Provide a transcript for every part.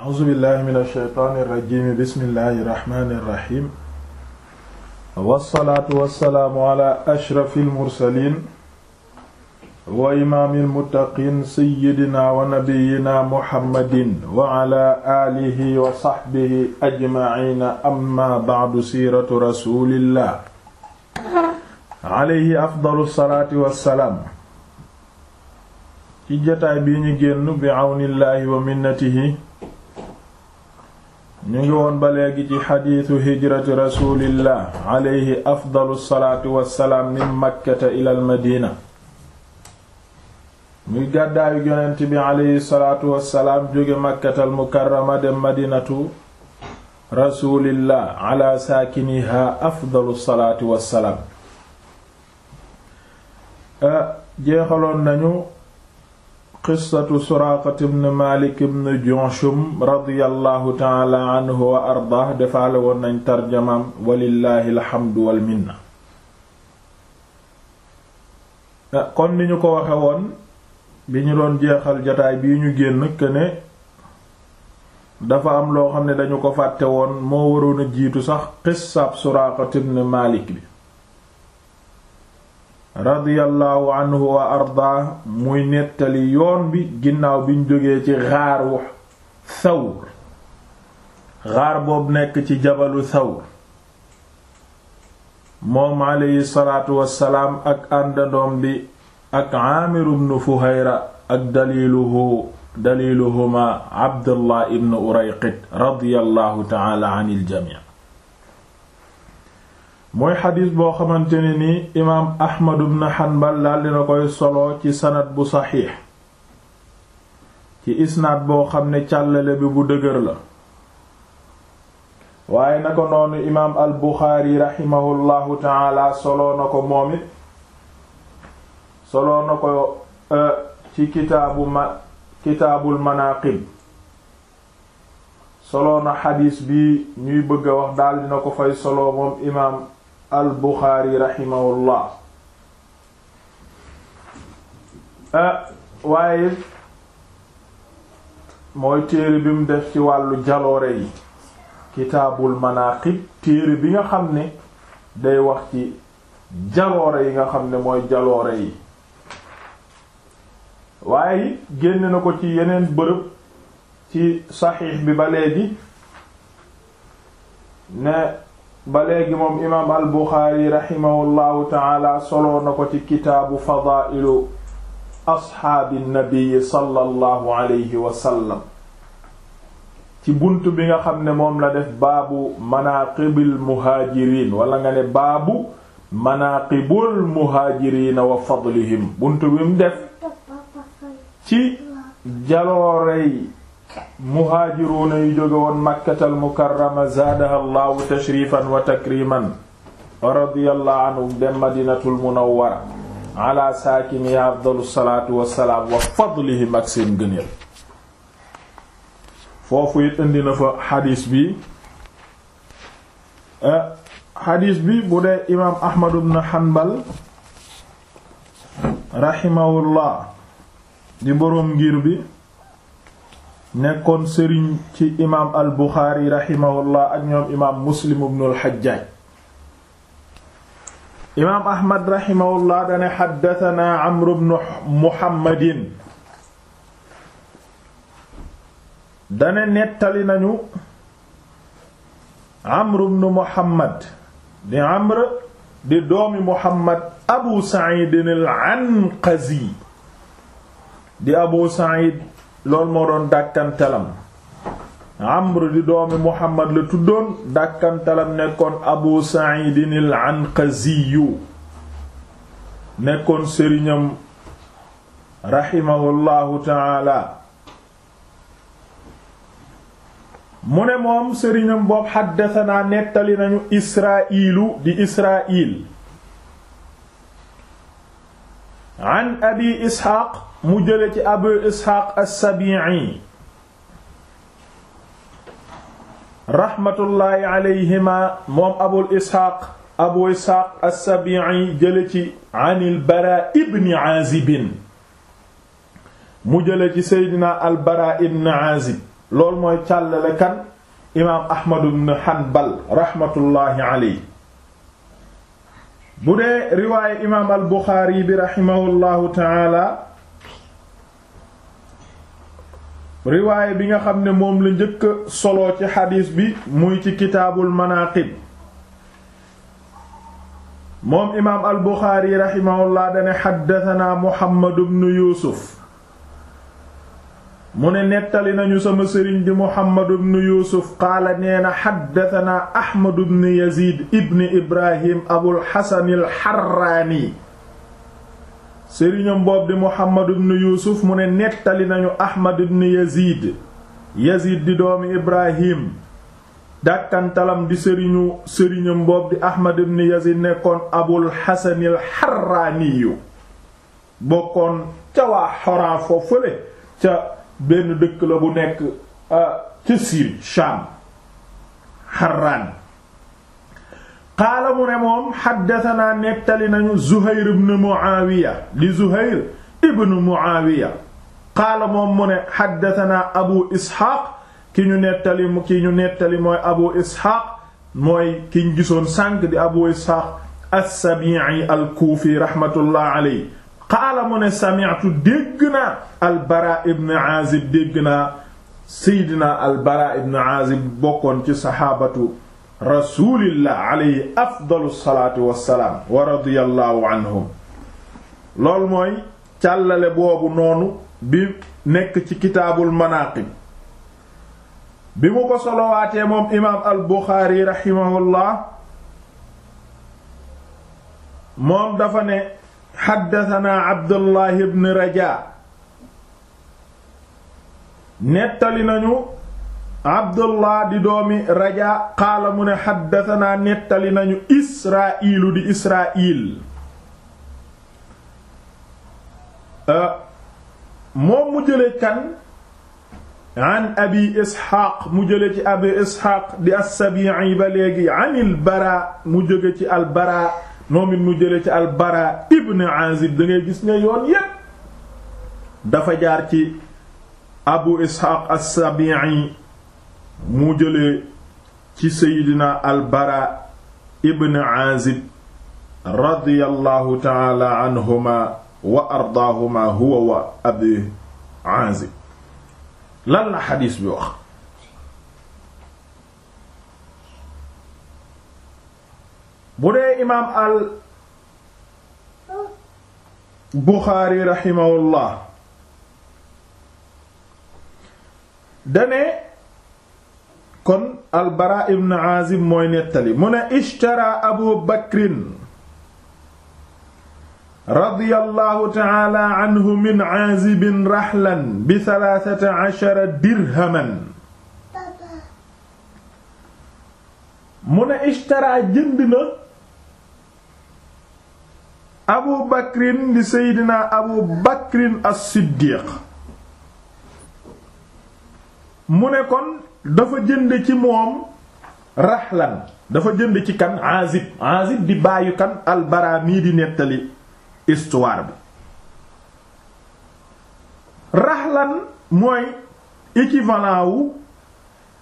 a'uuzu billahi mina shaytaani rajiim bismillahi rahmaani rahiim wassalaatu wassalaamu ala ashrafil mursaliin wa imaamil muttaqiin sayyidina wa nabiyyina muhammadin wa ala aalihi wa sahbihi ajma'iina amma ba'du siiratu rasuulillah alayhi afdalu salaati wassalaam ci jotaay bi ñu génn bi awnillaahi wa minnatihi ñu ngi woon ba léegi ci xadiisu hijrati rasulillah alayhi afdalu salaatu wassalaam min makkata ilal madina muy gàddaayu yonent bi alayhi salaatu wassalaam jóge makkatal mukarrama dem madinatu rasulillah ala saakiniha afdalu salaatu wassalaam ah, jeexaloon nañu qissatu suraaqat ibn malik ibn junshum radiyallahu taala anhu ah, kon ni ñu ko waxe woon bi ñu doon jeexal jotaay bii ñu génn que dafa am loo xam ne dañu ko fàtte woon moo waroon jiitu sax qissab suraaqat ibn malik bi radiyallahu anhu wa arda muy nettali yoon bi ginnaaw biñ jógee ci xaaru thawr xaar boobu nekk ci jabalu thawr moom aleyhi salaatu wassalaam ak àndandoom bi ak aamir ibn fuhayra ak daliluhu daliluhuma abdullah ibn urayqit radiyallahu ta'ala anil jami' mooy xadis boo xamante ni imaam ahmad ibn hanbal daal dina koy solo ci sanad bu saxiix ci isnaad boo xam ne càllale bi bu dëgër la waaye na ko noonu imaam al buxaari raximahullahu taala solo na ko moom it solo na ko euh, ci kitaabu ma solo na xadiis bi ñuy bëgg a wax daal dina ko fay solo moom imaam al Buxaari raximahullah ah, waaye mooy téere bi mu def ci wàllu jaloore yi kitaabul manaqib téere bi nga xam ni day wax ci jaloore yi nga xam ne mooy jaloore yi waaye génn na ko ci yeneen bërëb ci saxiix bi ba léegi ne ba léegi moom imaam al buxaari raximahullahu taala soloo na ko ci kitaabu fadaa'ilu asxaabi nabi sallallahu alayhi ci bunt bi nga xam ne moom la def baabu manaaqibil muhaajiriin wala nga ne baabu manaaqibul muhaajiriina wa fadlihim bunt bi def ci jaloorey muhaajiruuna yu jóge woon makkatal mukarrama zaadaha allahu tashrifan wa takriman radiyallahu anhum dem madinatul munawwara ala saakiniha afdalu salaatu wassalaam wa fadlihim ak seen gëneel foofu it indi na fa bi eh, xadiis bi bu ahmad ibn hanbal rahimahullah di boroom ngir bi nekkoon sëriñ ci imaam al buxaari raximahullah ak ñoom imaam muslim ibnul xajjaaj imaam ahmad raximahullah dane xaddatanaa amru bnu nettali nañu amru bnu muhammad di amr di doomi muhammad abu saidin al anqazi di abu said lool moo doon dàkkantalam amr di doomi muhammad la tuddoon dàkkantalam nekkoon abu sa'idin al-anqaziyu nekkoon sëriñam rahimahullahu taala mu ne moom sëriñam boobu xaddasanaa nettali nañu israa'iilu di israa'iil an abi isxaaq mu jële ci abu isxaaq as-sabi'i raxmatullaahi alayhima moom abul isxaaq abu isxaaq as-sabi'i jële ci an al-bara ibn aazib mu jële ci seydina al-bara ibn aazib loolu mooy càllale kan imaam ahmad ibn hanbal raxmatullaahi alayhi bu dee riwaaye imaam al-buxaari bi raximahullahu taala riwaayé bi nga xam ne moom la njëkk solo ci xadiis bi muy ci kitaabul manaaqib moom imaam al buxaari raximahullah dane xaddatanaa muhammadu bnu yuusuf mu ne nettali nañu sama sëriñ di muhammadu bnu yuusuf qaala nee na xaddatanaa ahmadu bnu yaziid ibni ibrahim abul xasanil xarraani sëriñam boob di muhammad ibn yuusuf mu ne nettali nañu ahmad ibn yazid yazid di doomi ibrahim dàkkantalam di sëriñu sëriñam boob di ahmad ibn yazid nekkoon abul xasanil xarraaniyu bokkoon ca waa xoraa foo fële ca benn dëkk la bu nekk ah, ca siri shaam xarraan qaala mu ne moom xaddatanaa nettali nañu zuhair ibn muawiya di zuhair ibn muawiya qaala moom mu ne xaddatanaa abu isxaaq ki ñu nettali ki ñu nettali mooy abu isxaaq mooy ki ñu gisoon sànq di abu isxaaq as-sabi'i al-kuufi raxmatullah alayhi qaala mu ne sami'tu dégg naa albara ibn aazib dégg naa seydina albara ibn aazib bokkoon ci saxaabatu rasulillah alayhi afdalu salaatu wassalaam wa radiyallahu anhum loolu mooy càllale boobu noonu bi nekk ci kitaabul manaaqib bi mu ko solowaatee moom imaam al buxaari raximahullah moom dafa ne xaddatanaa abdullahi ibn rajaa nettali nañu abdullah di doomi raja qaala mu ne xaddatanaa nettali nañu israilu di israil euh, moom mu jële kan an abi isxaaq mu jële ci abi isxaaq di ba léegi an il mu jóge ci al bara moom mu jële ci al bara ibn azib da ngay gis ne yoon yépp dafa jaar ci abu isxaaq assabii mu jëlee ci seydina albara ibn aazib radiyallahu taala anhuma wa ardaahuma huwa wa abi aazib lan la xadiis bi wax bu dee imaam al buxaari raximahullah dane kon albara ibn azib mooy nettali mu ne ishtara abu bakrin radiyallahu taala anhu min azibin raxlan bi thalathati ashara dirhaman mu ne ishtara jënd na abu bakrin di seydina abu bakrin as-siddiq mu ne kon dafa jënd ci moom raxlan dafa jënd ci kan Azib Azib di bàyyu kan albara mii di nettali histoire bi raxlan mooy équivalent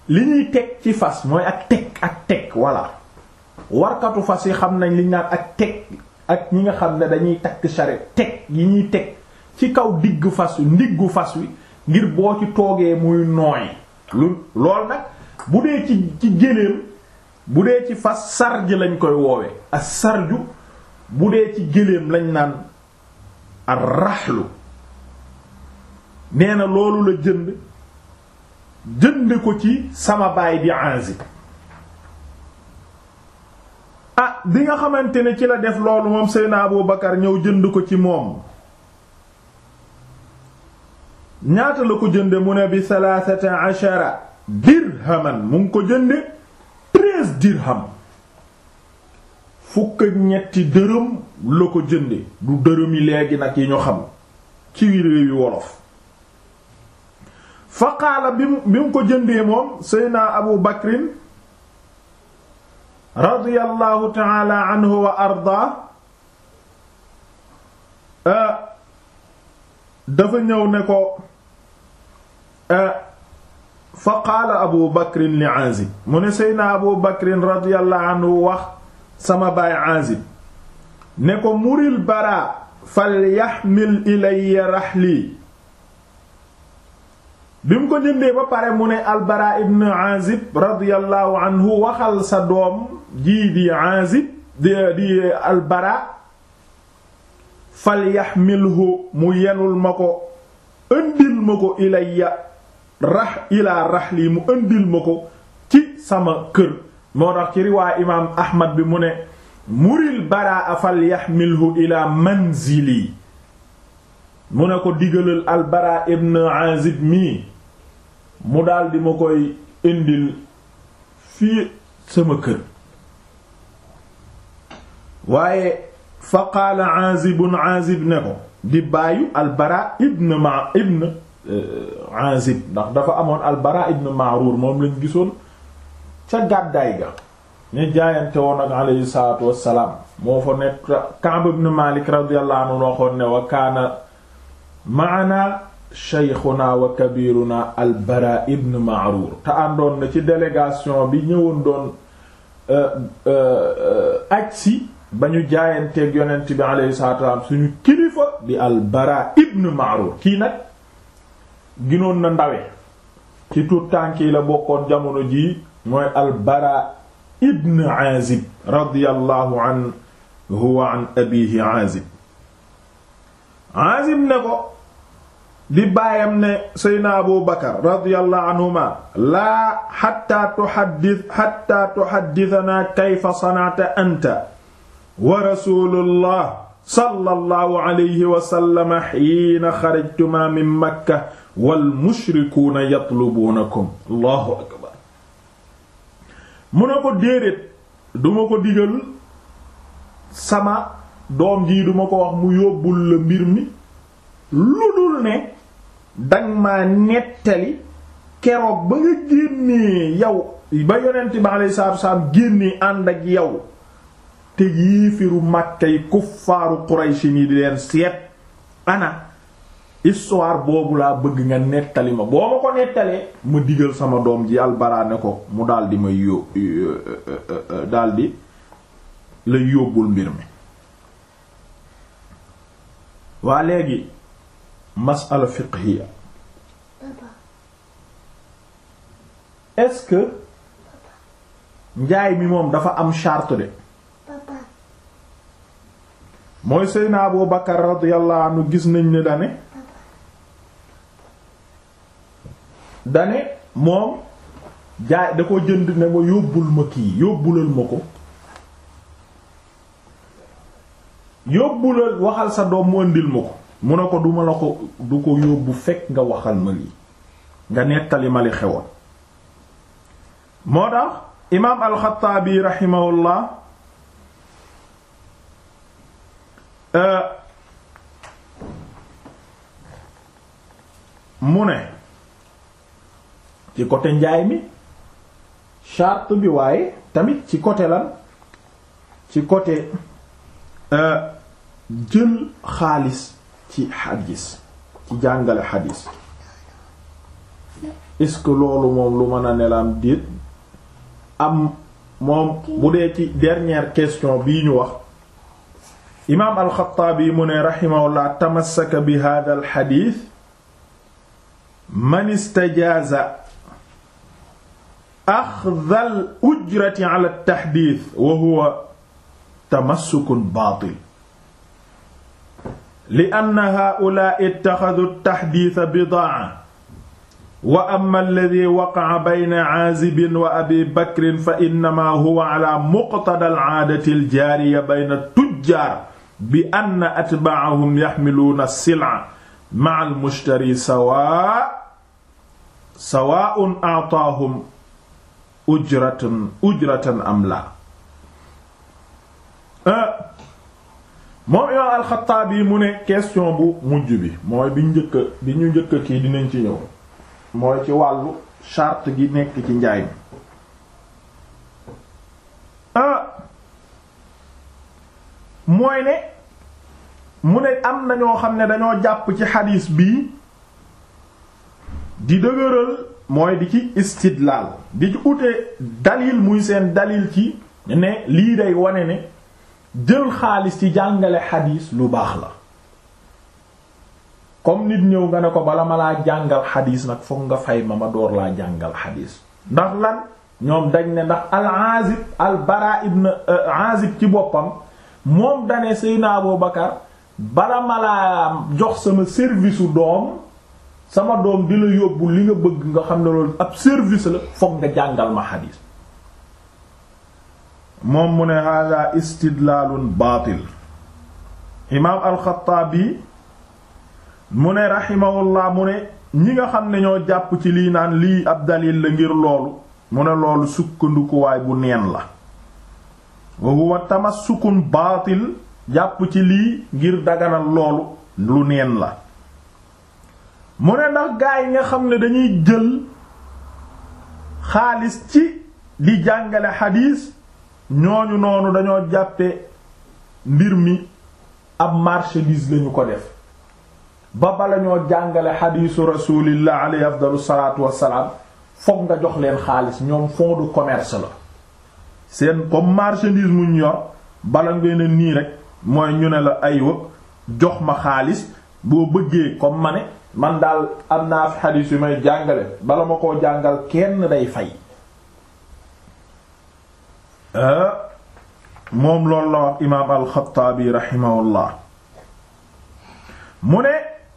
li ñuy teg ci fas mooy ak teg ak teg voilà warkatu fas yi xam nañ liñ naan ak teg ak ñi nga xam ne dañuy takk charrette teg yi ñuy teg ci kaw diggu fas wi ndiggu fas wi ngir boo ci toogee muy nooy lool nag bu dee ci ci géléem bu dee ci fas sarji lañ koy woowee ak sarju bu dee ci géléem lañ naan ar raxlu nee na loolu la jënd jënd ko ci sama baay di Aazib ah bi nga xamante ne ci la def loolu moom Seydina Abu Bakar ñëw jënd ko ci moom ñaata la ko jënde mu ne bi dirhaman mu ngi ko jënde treize dirham fukk ñetti dërëm la ko jënde du dërëm yi léegi nag yi ñu xam ci réewi wolof fa qaala bi mu ko jëndee moom seydna abu bakrin radiyallahu taala anhu wa arda dafa ñëw ne ko eh, fa qaala abu bakrin li aazib mu ne seydna abu bakrin radiyallahu anhu wax sama baay aazib ne ko muril baraa fal yaxmil ilayya raxli bi mu ko jëndee ba pare mu ne albaraa ibn aazib radiyallahu anhu waxal sa doom jii di aazib di di albaraa falyaxmilhu mu yenul ma ko ëndil ma ko ilayya rax ilaa raxli mu ëndil ma ko ci sama kër moo tax ci riwaa imaam ahmad bi mu ne muril baraa falyaxmilhu ilaa manzili mu ne ko digalal al baraa ibn azib mii mu daldi ma koy indil fii sama kër waaye fa qaala aazibun aazib ne ko di bàyyu albara ibn ma ibn euh, aazib ndax dafa amoon albara ibn maaruur moom lañ gisoon ca gàddaay ga ñu jaayante woon ak aleyhi salaatu wassalaam moo fa nekk Kaab ibn Maalik radiyallahu anhu waxoon ne wa kaana maana sheykhuna wa kabiruna albara ibn maaruur te àndoon na ci délégation bi ñëwoon doon euh, euh, aj si ba ñu jaayanteeg yonent bi alayhi salaatu suñu kilifa di al bara ibn Ma'rur kii nag ginoon na ndawe ci tuut bokkoon jamono ji mooy al bara ibn Azib radiyallahu anhu wa an abiihi Azib Azib ne ko di bàyyam ne Seydina Abu Bakar radiyallahu anhuma laa hatta tuhaddith hatta tuhaddithana kayfa sana'ta anta wa rasulullah sallallahu alayhi wa sallam makka wal mushrikuuna yatlubuunakum allahu akbar mu ne ko déedéet duma ko digal sama doom ji duma ko wax mu yóbbul la mbir mi lu dul ne dang maa nettali keroog ba nga génnee yow ba yonent bi alayhi salaam génnee ànd ak yow te yiifiru Makka yi kuffaaru Qurayshi ni di leen seet ana histoire boobu laa bëgg nga nettali ma boo ma ko nettalee ma digal sama doom ji Albara ko mu daldi may yó daldi la yóbbul mbir mi waa léegi masala fiqhiya est njaay mi moom dafa am charte de mooy Seydina Abu Bakar radiyallahu gis nañ ne dane dane moom jaay da ko jënd ne ma yóbbul ma kii yóbbulal ma ko yóbbulal waxal sa doom mu ëndil ma ko mu ne ko duma la ko du ko yóbbu fekk nga waxal ma lii nga nettali ma xewoon moo tax imaam alxataabi rahimahullah Euh, mu ne ci côté njaay mi charte bi waaye tamit ci côté lan ci côté euh, jël xaalis ci xadis ci jàngale xadis est-ce que loolu moom lu mën a nelaam déet am moom bu dee ci dernière question bi ñu wax imaam alxataabi mu ne raximahullah tamassaka bi hada alxadis man istajaaza axda al ujrati ala taxdiis wa huwa tamassukun baatil li anna haa'ulaa'i ittaxadu taxdiisa bidaa wa amma alladii waqa'a bayna caazibin wa abii bakrin fa innamaa huwa calaa muqtadaa al caadati al jaariya bayna tujjaar bi anna atbaahum yaxmiluuna sila ma al mushtari sawaa sawaun aataahum am la euh, moom imaam alxataab mu ne question bu mujj bi mooy bi njëkk bi ñu njëkk kii dinañ ci ñëw mooy ci wàllu charte gi nekk ci njaay mi euh, mooy ne mu ne am na ñoo xam ne dañoo jàpp ci xadiis bii di dëgëral mooy di ci istidlaal di ci ute dalil muy seen dalil ci ne lii day wane ne jël xaalis ci jàngale xadiis lu baax la comme nit ñëw nga ne ko bala malaa jàngal xadiis nag fokk nga fay ma ma door laa jàngal xadiis ndax lan ñoom dañ ne ndax al Azib al Bara ibn euh, ci boppam moom dane Seydina Abu Bakar bala ma laa jox sama service u doom sama doom di la yóbbu li nga bëgg nga xam ne loolu ab service la foog nga jàngal ma xadiis moom mu ne hada istidlaalun baatil imaam alxataabi mu ne laa mu ne ñi nga xam ne ñoo jàpp ci lii naan lii ab dalil la ngir loolu mu ne loolu sukkandikuwaay bu neen la wa tamas tamassukun baatil jàpp ci lii ngir daganal loolu lu neen la mu ne ndax gaa yi nga xam ne dañuy jël xaalis ci di jàngale xadiis ñooñu noonu dañoo jàppe mbir mi ab marchandise lañu ko def ba ba lañoo jàngale xadiisu rasulillah alayhi afdalu salaatu wassalaam fokk nga jox leen xaalis ñoom fond de la seen comme marchandise mu ñu yor bala ngeen a nii rek mooy ñu ne la aywa jox ma xaalis boo bëggee comme ma ne man daal am naa fi yu may jàngale bala ma koo jàngal kenn day fay ah, moom loolu la wax imaam alxataabi raximahullah mu ne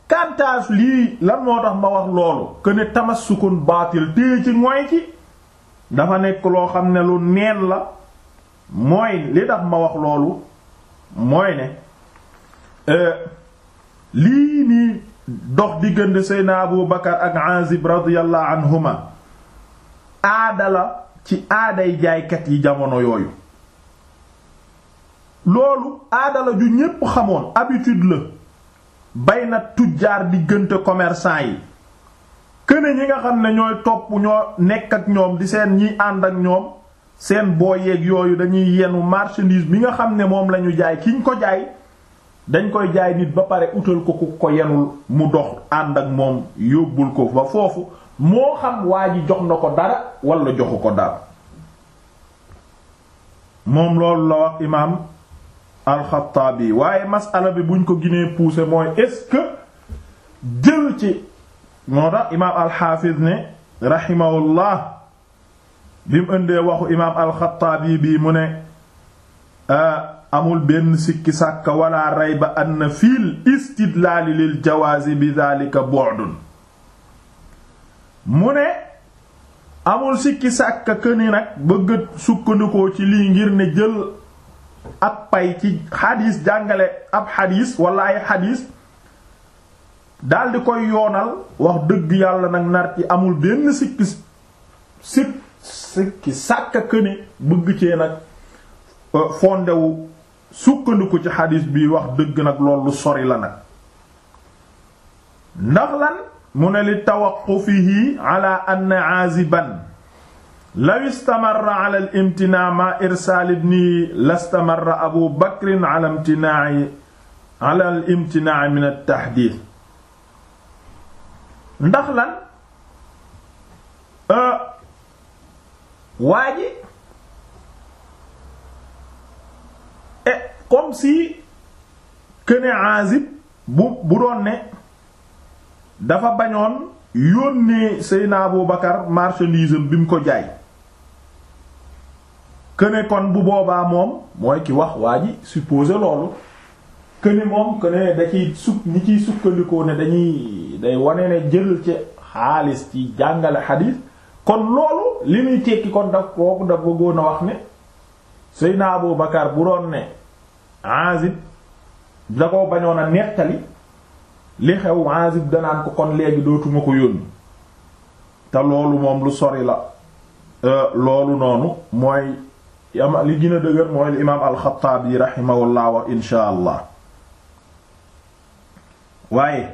kantaas lii lan moo tax ma wax loolu que ne tamassukun baatil téye ci moy ci dafa nekk loo xam ne lu neen la mooy li tax ma wax loolu mooy ne euh, lii nii dox diggante Seydina Abu Bakar ak Azib radiyallahu anhuma aada la ci aaday jaaykat yi jamono yooyu loolu aada ju ñépp xamoon habitude la bay na tujjaar diggante commerçant yi këne ñi nga xam ne ñooy topp ñoo nekk ak ñoom di seen ñiy ànd ak ñoom seen boo yeeg yooyu dañuy yenu marchandise bi nga xam ne moom lañu jaay kiñ ko jaay dañ koy jaay nit ba pare utal ko ku ko yenul mu dox ànd ak moom yóbbul ko ba foofu moo xam waa ji jox na ko dara wala joxu ko dara moom loolu la wax imaam alxataabi waaye masala bi buñ ko ginee poussé mooy est-ce que jël ci moo tax imaam alxaafiz ne raximahullah bi mu indee waxu imaam alxataabi bii mu ne amul benn sikki sàkka wala rayba anna fil istidlaali lil jawaazi bi daalika bu'dun mu ne amul sikki sàkka këni nag bëgg sukkandikoo ci lii ngir ne jël ab pay ci xadiis jàngale ab xadiis wala ay xadiis daldi di koy yoonal wax dëgg yàlla nag nar ci amul benn sikki sikk sikki sàkka këne bëgg cee nag euh, fondewu sukkandiku ci xadis bi wax dëgg nag lool sori la nag ndax lan mu ne li tawaqqufihi ala anna aziban law istamarra ala al imtinaa ma irsaal ibni lastamarra abu bakrin ala imtinaa min at tahdith ndax lan euh, waa ji et eh, comme si que ne bu bu doon ne dafa bañoon yónnee Seyna Abu Bakar marchandise bim ko jaay que kon bu boobaa moom mooy ki wax waa ji supposé loolu. que ne moom que ne sukkandikoo ne dañuy day wane ne jël ci xaalis ci jàngale xadiis kon loolu li muy tekki kon daf kooku daf bëggoon a wax ne Seydina Abu Bakar bu doon ne Azib da ko bañoon nettali li xew Azib danaan ko kon léegi dootuma ko yónni te loolu moom lu sori la euh, loolu noonu mooy li gën a dëgër mooy li imaam alxataabi rahimahullah wa insha allah waaye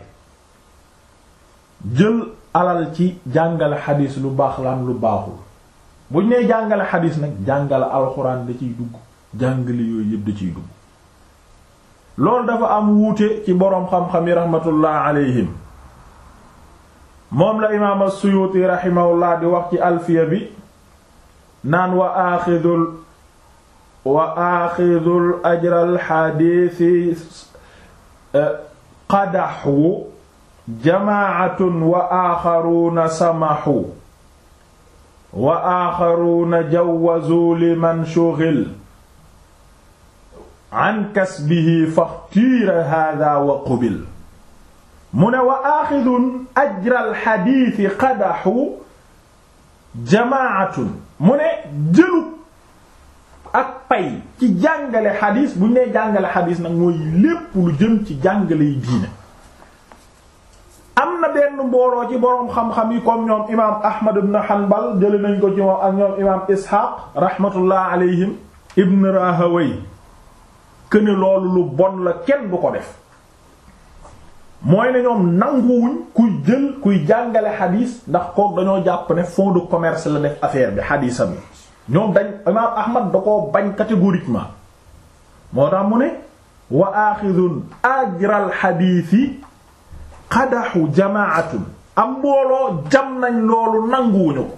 jël alal ci jàngale xadiis lu baax la am lu baaxul buñ nee jàngale xadiis nag jàngale alxuraan da ciy dugg jàngale yooyu yëpp da ciy dugg loolu dafa am wuute ci boroom xam-xam yi rahmatullah alayhim moom la imaam as-Suyuti di wax ci alfiya bi naan wa aaxidul wa aaxidul ajral xadiisi eh, qadaxu jamaatun wa aaxaruuna samaxu wa aaxaruuna jawazu liman shughil an kasbihi faxtiira haadaa wa qubil mu ne wa aaxidun ajral xadiisi qadaxu jamaatun mu ne jëlu ak pay ci jàngale xadiis bu ñu nee jàngale xadiis nag mooy lépp lu jëm ci jàngale yi diine am na benn mbooloo ci boroom xam-xam yi comme ñoom imaam Ahmad ibn Hanbal jële nañ ko ci moom ak ñoom imaam Ishaq rahmatullah alayhim ibn Rahaway këne loolu lu bon la kenn du ko def mooy ne ñoom nanguwuñ kuy jël kuy jàngale xadiis ndax kook dañoo jàpp ne fond de commerce la def affaire bi xadiisam yi ñoom dañ imaam ahmad da koo bañ catégoriquement moo tax mu ne wa axidun ajral xadiisi qadaxu jamaatun am mbooloo jam nañ loolu nanguwuñu ko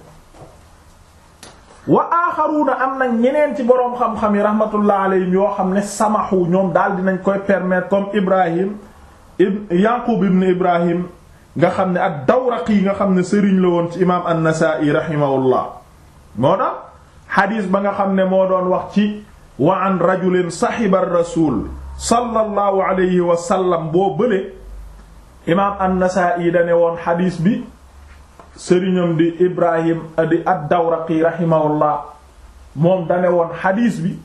wa aaxaruuna am na ñeneen ci boroom xam-xam yi rahmatullah alayhim yoo xam ne samaxu ñoom daal nañ koy permettre comme ibrahim yaqub ibn ibrahim nga xam ne ak dawraqi nga xam ne sëriñ la woon ci imaam an rahimahullah moo tax xadiis ba nga xam ne moo doon wax ci wa an rajulin saxiba rasul sallallahu alayhi wa sallam boo bële imaam an-Nasaa'i dane woon xadiis bi sëriñam di Ibrahim di ad-Dawraqi rahimahullah moom dane woon xadiis bi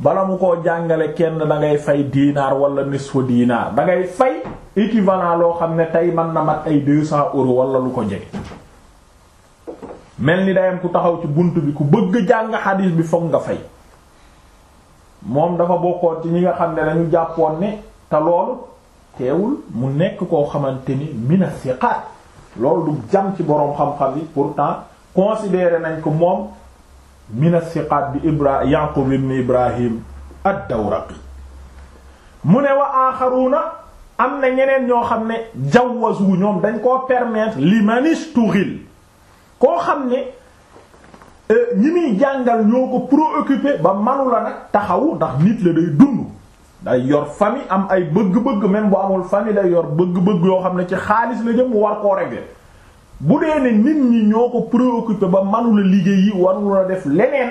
bala mu ko jàngale kenn da ngay fay diinaar wala nisfu diinaar da ngay fay équivalent loo xam ne tey mën na mat ay 200 euros wala lu ko jege mel ni dayam ku taxaw ci bunt bi ku bëgg jàng xadiis bi foog nga fay moom dafa bokkoon ci ñi nga xam ne dañu jàppoon ne te loolu teewul mu nekk koo xamante ni mina siqaat loolu du jam ci boroom xam-xam yi pourtant considéré nañ ko moom mina siqaat bi ibra yaqub ibn ibrahim ak dawraqi mu ne wa axaruna am na ñeneen ñoo xam ne jawwazu ñoom dañ koo permettre li manistughil koo xam ne euh, ñi muy jàngal ñoo ko préoccupé ba manu la nag taxawu ndax nit la day dund day yor famille am ay bëgg-bëgg même bu amul famille day yor bëgg-bëgg yoo xam ne ci xaalis la jëm war koo régler bu dee ne nit ñi ñoo ko préoccupé ba manula liggéey yi warul la def leneen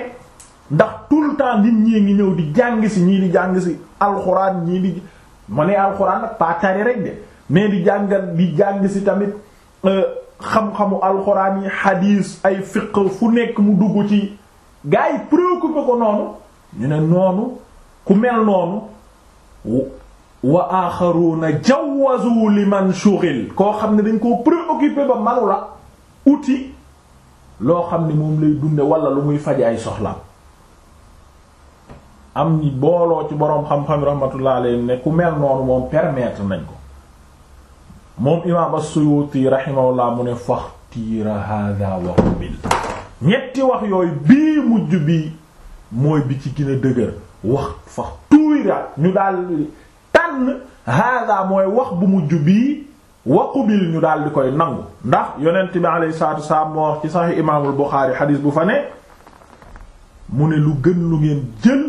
ndax tout le temps nit ñi ngi ñëw di jàng si ñii di jàng si alxuraan ñii di ma ne alxuraan nag pas tari rek de mais di jàngal di jàng si tamit. Euh, xam-xamu alxuraan yi xadiis ay fiq fu nekk mu dugg ci gaa yi préoccupé ko noonu ñu ne noonu ku mel noonu wa jaw jawazu liman shughil koo xam ne dañ koo préoccupé ba manu la uti loo xam ne moom lay dunde wala lu muy faje ay soxlaam am ni booloo ci boroom xam-xam rahmatullah alayhi ne ku mel noonu moom permettre nañ ko moom imaam as-Suyuti rahimahullah mu ne faxtiira hada wa qabil ñetti wax yooyu bii mujj bi mooy bi ci gën a dëgër wax faxtuira ñu daal tànn hada mooy wax bu mujj bii wa qabil ñu daal di koy nangu ndax yonent bi alayhi salaatu wasalaam moo wax ci saxi imaamul Buxaari xadiis bu fa ne mu ne lu gën lu ngeen jël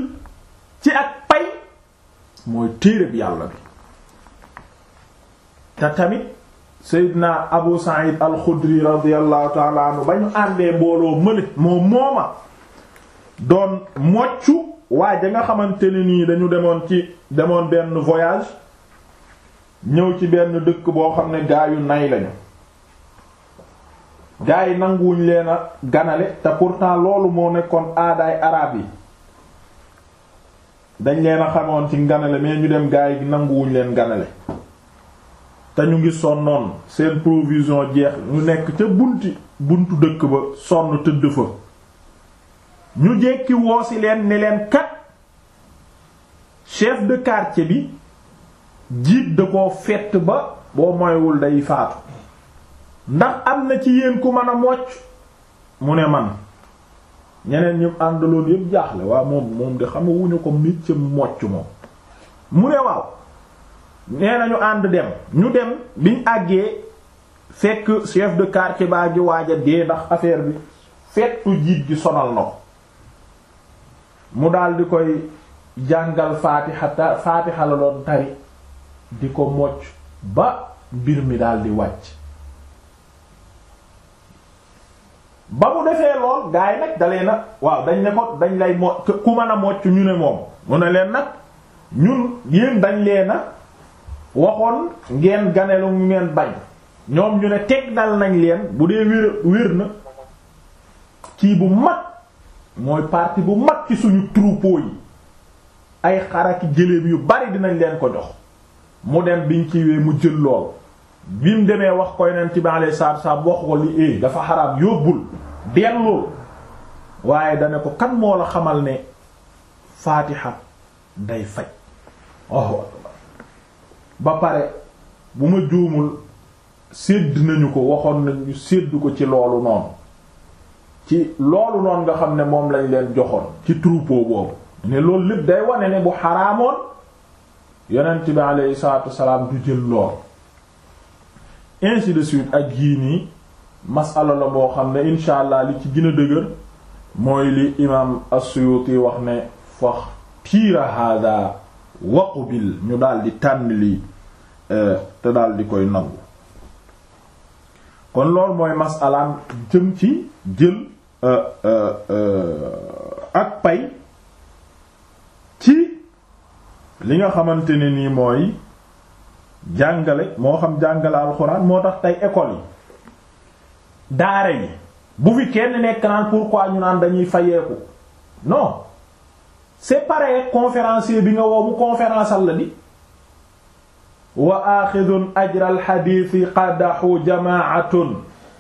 ci ak pay mooy téere yàlla bi te tamit Seydina Abu Sa'id al-Khudri radiyallahu ta'ala anhu ba ñu àndee mbooloo mële moom mooma doon moccu waaye nga xamante ne nii dañu demoon ci demoon benn voyage ñëw ci benn dëkk boo xam ne gaa yu nay lañu gaa yi nanguwuñ leen a ganale te pourtant loolu moo nekkoon aadaay araab yi dañ leen a xamoon ci ganale mais ñu dem gaa yi nanguwuñ leen ganale te ñu ngi sonnoon seen provision jeex ñu nekk ca bunti buntu dëkk ba sonn tëdd fa ñu jekki woosi leen ne leen kat chef de quartier bi jiit da ko fett ba boo moywul day faatu ndax am na ci yéen ku mën a mocc mu ne man ñeneen ñu àndaloon yépp jaaxle waaw moom moom de xam nga wuñu ko micc mocc moom mu ne waaw nee nañu ànd dem ñu dem liñ àggee fekk chef de quartier baa ji waaj dee ndax affaire bi fettu jiit gi sonal na ko mu daldi koy jàngal faatixa faatixa la doon tari di ko mocc ba mbir mi daldi di wàcc ba mu defee lool gaay nag dalee na waaw dañ ne ko dañ lay mo ku mën a mocc ñu ne moom mu ne leen nag ñun yéen dañ leena waxoon ngeen ganelu mu ngeen bañ ñoom ñu ne teg nal nañ leen bu dee wér wér na kii bu mag mooy parti bu mag ci suñu troupeau yi ay xaraki gëléem yu bari dinañ leen ko jox mu dem biñ kiiwee mu jël lool bi mu demee wax ko yonent bi alayhi salaatu wasallam ko li eh dafa xaraam yóbbul dellul waaye dana ko kan moo la xamal ne faatiha day faj ba pare bu ma juumul sédd nañu ko waxoon nañu sédd ko ci loolu noonu ci loolu noonu nga xam ne moom lañ leen joxoon ci troupeau boobu ne loolu lépp day wane ne bu xaraamoon yonent bi aleyhi salaatu wasalaam du jël lool ainsi suite ak yii nii masala la boo xam ne incha allah li ci gën a dëgër mooy li imaam as wax ne fax tiira hada waqbil ñu daal di tànn lii E, te daal di koy nangu kon loolu mooy masalaam jëm ci jël e, e, ak pay ci li nga xamante ni nii mooy jàngale moo xam jàngale alxuraan moo tax tey école yi daara yi bu fi kenn nekk naan pourquoi ñu naan dañuy fayeeku non c'est pareil bi nga woo mu conférenceal la di wa aaxidun ajral xadiisi qadaxu jamaacatun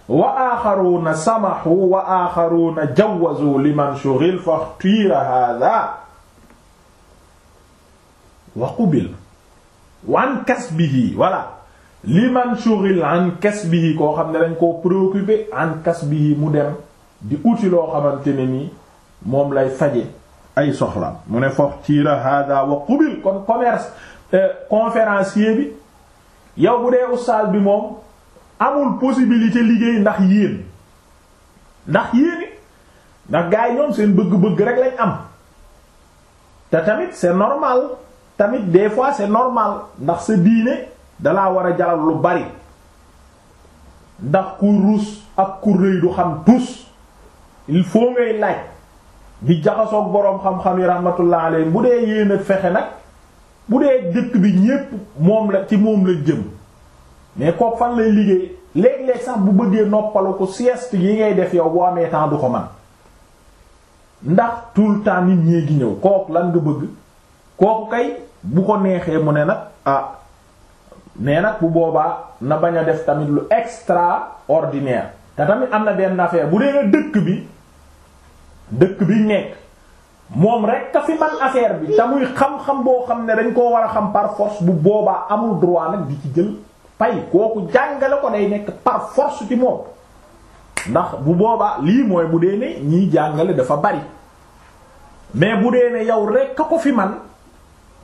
wa aaxaruuna samaxu wa aaxaruuna jawwazu liman shughil fa xtiira haadaa wa qubil wan kasbihi voilà liman shughil an kasbihi koo xam ne dañ koo préoccupé an kasbihi mu dem di uti loo xamante ne ni moom lay faje ay soxla mu ne fa xtiira haadaa wa qubil kon commerce Euh, conférencier bi yow bu dee ustaas bi moom amul possibilité liggéey ndax yéen ndax yéen ndax gars yi ñoom seen bëgg-bëgg rek lañ am te tamit c'est normal tamit des fois c'est normal ndax sa diine dalaa war a jaral lu bari ndax ku ruus ak ku rëy du xam tus il faut ngay laaj di jaxasoog boroom xam-xam yi rahmatullah alayhi bu dee yéen fexe nag bu dee dëkk bi ñépp moom la ci moom la jëm mais kook fan lay liggéey léeg-léeg sax bu bëggee noppalu ko sieste yi ngay def yow boo amee temps du ko man ndax tout le temps nit ñee gi ñëw kook lan nga bëgg kook kay bu ko neexee mu ne nag ah mais nag bu boobaa na bañ a def tamit lu extraordinaire te tamit am na benn affaire bu dee na dëkk bi dëkk bi nekk moom rek ka fi man affaire bi te muy xam-xam boo xam ne dañ koo war a xam par bu boobaa amul droit nag di ci jël pay kooku jàngale ko day nekk par ci moom ndax bu boobaa lii mooy bu dee ne ñiy jàngale dafa bari mais bu dee ne yow rekk ka ko fi man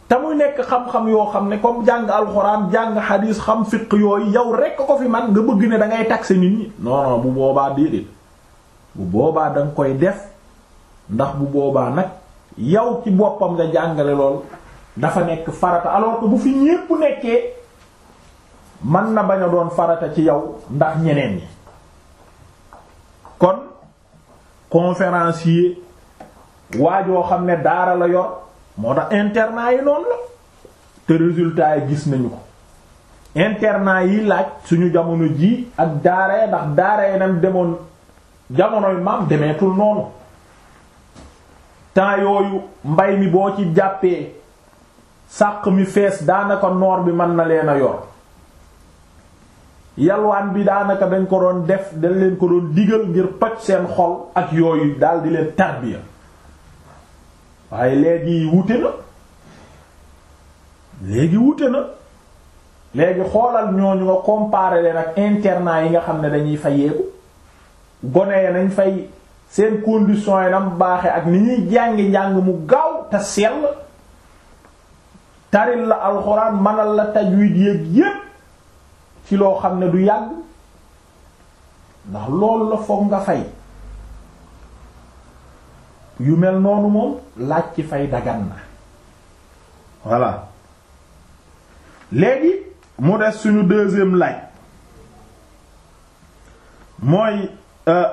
te muy nekk xam-xam yoo xam ne comme jàng alxuraan jàng xadiis xam fiq yooyu yow rek ka ko fi man nga bëgg ne da ngay taxer nit ñi non bu boobaa déedéet bu boobaa da koy def ndax bu boobaa nag. yow ci boppam nga jàngale lool dafa nekk farata alors que bu fi ñépp nekkee man na bañ a doon farata ci yow ndax ñeneen ñi kon waa joo xam ne daara la yor moo tax internat yi noonu la te résultat yi gis nañu ko internat yi laaj suñu jamono ji ak daara ndax daara yi nam demoon jamonoy maam demeetul noonu temps yooyu mbay mi boo ci jàppee sàq mi fees daanaka noor bi mën na leen a yor yalwaan bi daanaka dañ ko doon def dañ leen ko doon digal ngir toj seen xol ak yooyu daal leen tarbiya waaye léegi wute na léegi wute na léegi xoolal ñooñu nga comparer leen ak internat yi nga xam ne dañuy fayeeku gone nañ fay seen condition yi baaxe ak ni ñuy jàngi njàng mu gaaw te sell taril la alxuraan mënal la tajwid yéeg yépp ci loo xam ne du yàgg ndax loolu la foog nga fay yu mel noonu moom laaj ci fay dagan na voilà léegi mu des suñu deuxième laaj mooy euh,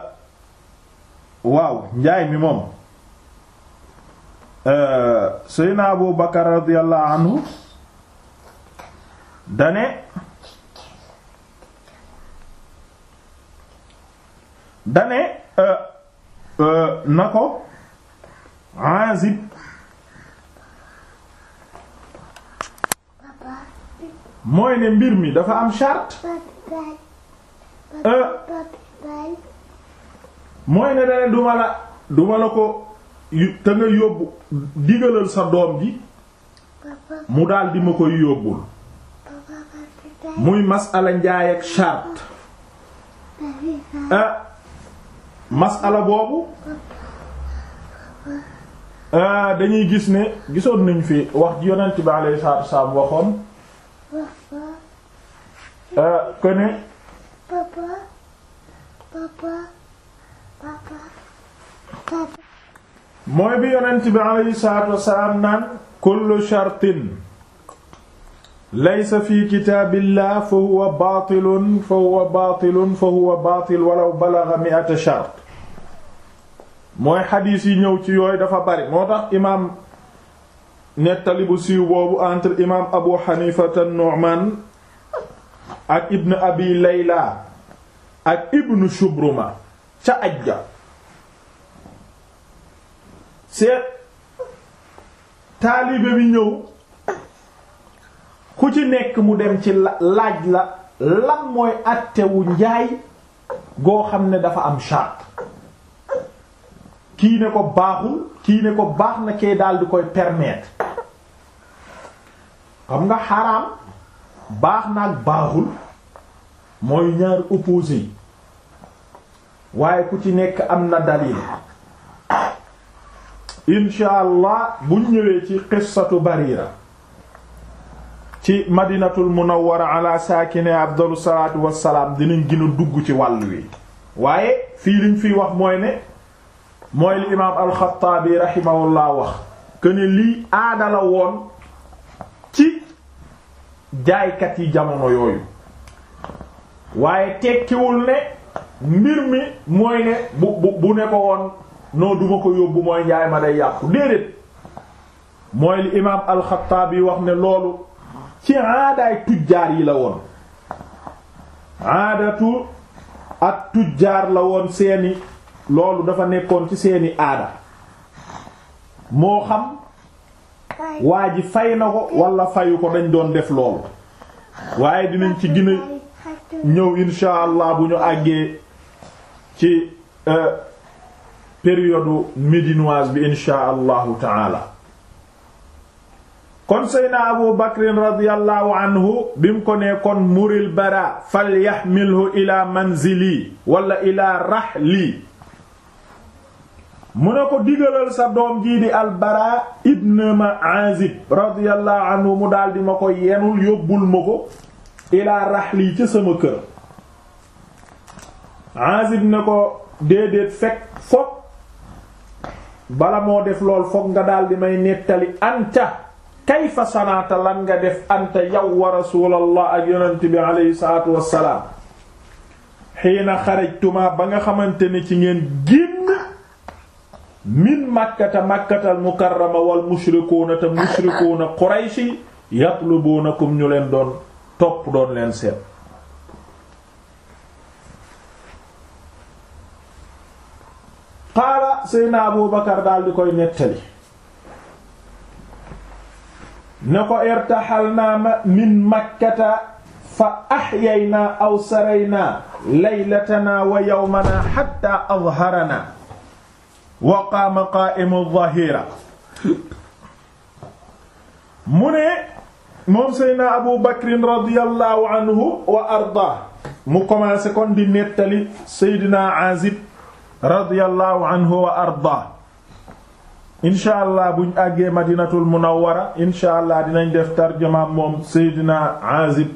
waaw njaay mi moom euh, Seydina Abu Bakar radiyallahu anhu dane dane euh, euh, na ko mooy ne mbir mi dafa am charte mooy ne dane duma la duma la ko te nga yóbbu digalal sa doom ji mu daldi di ma koy yóbbul muy masala njaay ak charte ah masala boobu ah dañuy gis ne gisoon nañu fi wax ji yonent bi alayhi salaatu wasalaam waxoon ah que ne mooy bi yonent bi alayhi salaatu wassalaam naan kullu shartin laysa fi kitaabillah fa huwa baatilun fa huwa baatilun baatil walaw balagha mi'ata shart mooy xadiis yi ñëw ci dafa bari moo tax imaam bu siiw boobu entre imaam abu xanifata nu'man ak ibn abi layla ak ibn shubruma ca ajja seet taalibe bi ñëw ku ci nekk mu dem ci laaj la lan mooy àttewu njaay goo xam ne dafa am chart kii ne ko baaxul kii ne ko baax na kee daal di koy permettre xam nga xaraam baax na ak baaxul mooy ñaar opposé yi waaye ku ci nekk am na dalil insha bu ñëwee ci qissatu barira ci madinatul munawwara ala saakine afdalu salaatu wassalaam dinañ gën dugg ci wàll wi waaye fii liñ fiy wax mooy ne mooy li imaam alxataabi rahimahullah wax këne lii aada woon ci jaaykat yi jamono yooyu waaye tekkiwul ne mbir mi mooy ne bu bu bu ne ko woon non duma ko yóbbu mooy njaay ma day yàqu déedéet mooy li imaam alxataabi wax ne loolu ci aadaay tujjaar yi la woon aadatu ak tujjaar la woon seeni loolu dafa nekkoon ci seeni aada moo xam waa ji fay na ko wala fayu ko dañ doon def loolu waaye dinañ ci gën a ñëw insha bu ñu àggee ci euh, période médinoise bi insha allahu taala kon seyna abu bakrin radiallahu bi mu ko ne kon muril bara falyaxmilhu ila manzili wala ila rahli mu ne ko digalal sa doom jii di albara ibn maazib radiallahu mu daal di ma ko yenul yóbbul ma ko rahli ca sama kër Azib ne ko déedéet fekk foog bala moo def lool foog nga daal may nettali anta kayfa sanaata lan nga def anta yow wa rasulallah ak yonent bi aleyhi salaatu wassalaam xiina xarajtuma ba nga xamante ni ci ngeen génn min màkkata màkkatal mukarrama wal mushrikuuna te mushrikuuna qurayshi yatlubuunakum ñu leen doon topp doon leen seet qaala seyna abu bakar daal di koy nettali ne ko irtaxalnaa ma min makkata fa axyaynaa aw saraynaa laylatanaa wa yawmanaa xatta adharanaa wa qaama qaa'imu dhahira mu ne moom seyna abu bakrin radiyallahu anhu wa ardaa mu commencé kon di nettali seydina azib radiyallahu anhu wa arda incha allah buñ àggee madinatul munawwara incha allah dinañ def tarjumaam moom seydina azib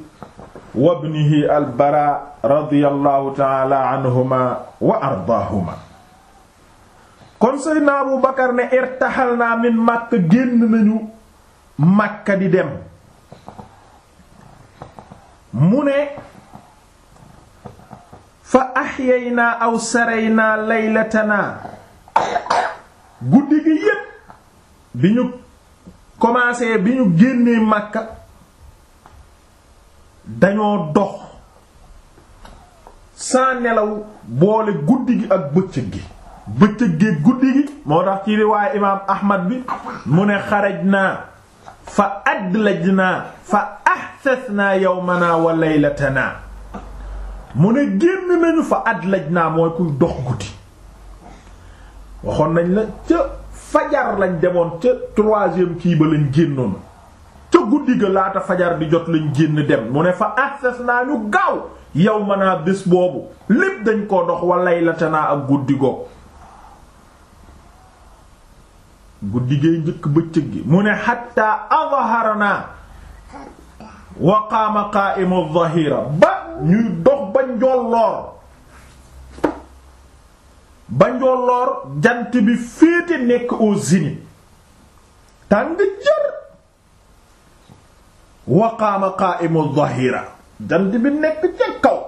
wabnihi albara radiyallahu taala anhuma wa ardaahuma kon seydina abu bakar ne irtaxal min màkk génn nañu màkka di dem mu ne fa axyaynaa aw saraynaa laylatanaa guddi gi yépp bi ñu commencé bi ñu génnee Makka dañoo dox sans nelaw boole guddi gi ak bëccëg gi bëccëg gi guddi gi moo tax ci riwaaye imaam Ahmad bi mu ne xaraj naa fa adlaj naa fa ahsas naa yawmanaa wa laylatanaa mu ne génn nañu fa at laj naa mooy kuy dox guddi waxoon nañ la ca fajar lañ demoon ca troisième kii ba lañ génnoon ca guddi ga laata fajar di jot lañ génn dem mu ne fa asses naa ñu gaaw yow ma naa bés boobu lépp dañ koo dox walay late naa ak guddi goog guddi gay njëkk bëccëg gi mu ne xattaa avaharana wa qaama qaa'imu adh-dhahira ba ñuy dox ba njolloor ba njolloor jant bi féete nekk au zénith tàng jër wa qaama qaa'imu adh-dhahira jant bi nekk ca kaw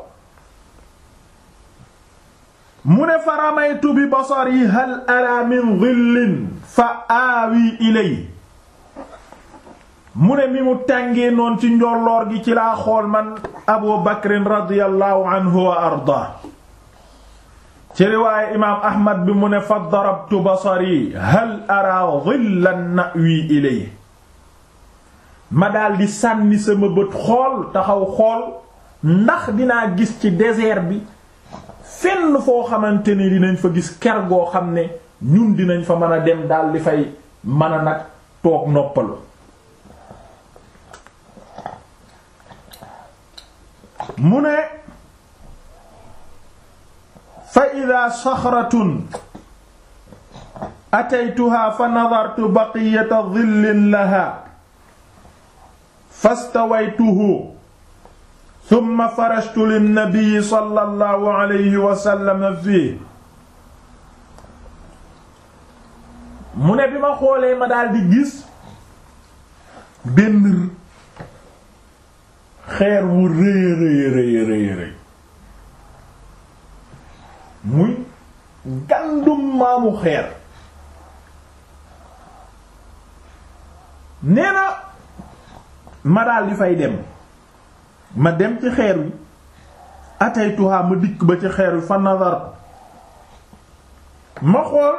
mu ne fa ramaytu bi basari hal ara min dhillin fa aawi ilayhi mu ne mi mu tàngee noon ci njolloor gi ci laa xool man abu bakrin radiyallahu anhu wa ci riwaaye imaam ahmad bi mu ne fa darabtu basari hal ara dhillan na'wi ilay ma daldi sànni sama bët xool taxaw xool ndax dinaa gis ci désert bi fenn foo xamante ni dinañ fa gis ker goo xam ne ñun dinañ fa mën a dem daldi fay mën a nag toog noppalu mu ne fa ida saxratun ataytuha fa nadartu baqiyata dhillin laha fastawaytuhu thumma farashtu linnabiyi sallallahu alayhi wa sallam fii mu ne bi ma xoolee ma daal di gis benn xeer wu rëy rëy rëy muy gàndum xeer nee na ma daal di fay dem ma dem ci xeer wi ataytuha ma dikk ba ci xeer wi fa nazar ma xool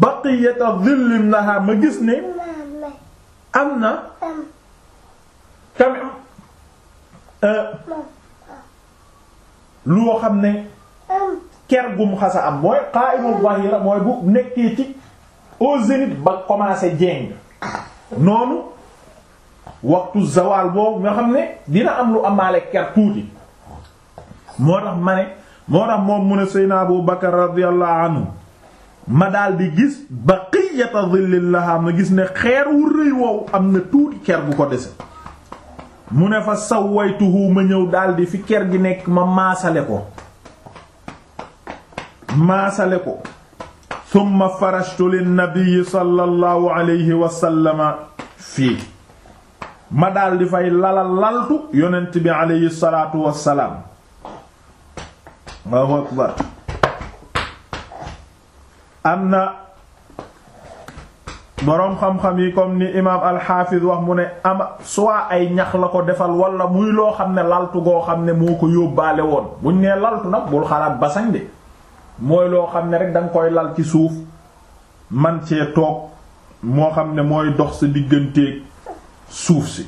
baqiyata dhillin laha ma gis ne am na tamit loo xam ne ker gum xasa am mooy qa'imul zahira mooy ba commencé jéng noonu waxtu zawal boobu nga xam ne dina am lu amaale ker tuuti moo tax ma ne moo tax moom mu ne Seydina Abu Bakar radiyallahu anhu ma daal di gis baqiyata dhillin laha ma gis ne xeer wu rëy woowu am na tuuti ker bu ko dese mu ne fa sawwaytuhu ma ñëw daldi fi ker gi nekk ma maasale ko maasale ko summa farashtu lin nabiyyi sallallahu alayhi wa sallama fii ma daldi fay lalal laltu yonent bi alayhi salaatu wassalaam am na boroom xam-xam yi comme ni imaam alxaafis wax mu ne ama soit ay ñax la ko defal walla muy loo xam ne laltu goo xam ne moo ko yóbbaale woon buñ nee laltu nag bul xalaat basañ de mooy loo xam ne rek danga koy lal ci suuf man cee toog moo xam ne mooy dox sa digganteeg suuf si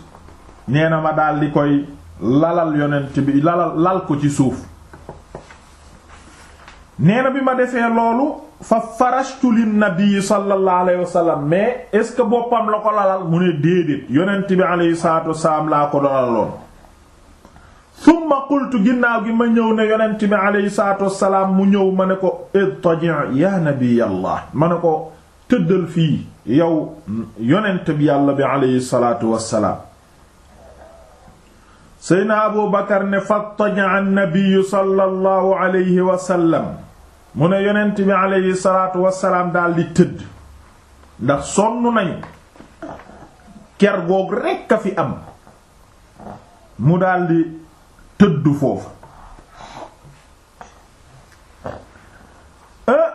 nee na ma daal di koy lalal yonent bi lalal lal ko ci suuf nee na bi ma defee loolu fa farashtu lin nabi sallallahu alayhi wa sallam mais ce que boppam la ko lalal mu ne déedéet yonent bi alayhi wasalaam laa ko dalaloon summa qultu ginnaaw gi ma ñëw ne yonent bi alayhi salaatu wasalaam mu ñëw ma ne ko idtaji ya nabiyallah ma ne ko tëddal fii yow yonent bi yàlla bi alayhi salaatu wasalaam seyna abu bakar ne fattaja an nabi sallallahu alayhi wa mu ne yonent bi aleyhi salaatu daal di tëdd ndax sonn nañu ker goog rekk a fi am mu daldi di tëdd foofu euh,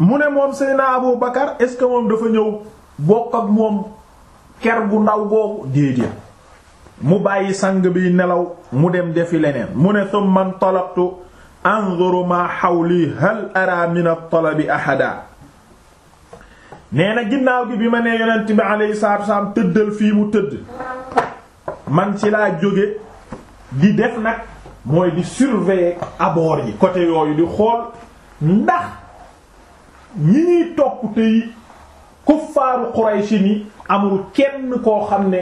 mu ne moom Seydina Abu Bakar ce que dafa ñëw bokk ak moom ker gu ndaw googu déedéet mu bàyyi sang bi nelaw mu dem defi leneen mu ne thumma talaqtu anzuru ma xawli hal ara min at-talabi ahada nee na ginnaaw gi bi ma nee yonent bi alayhi salaatu wasalaam tëddal fii mu tëdd man ci laa jóge di def nag mooy di surveiller abords yi côté yooyu di xool ndax ñi ñuy topp tey kuffaaru Qurayshi ni amul kenn koo xam ne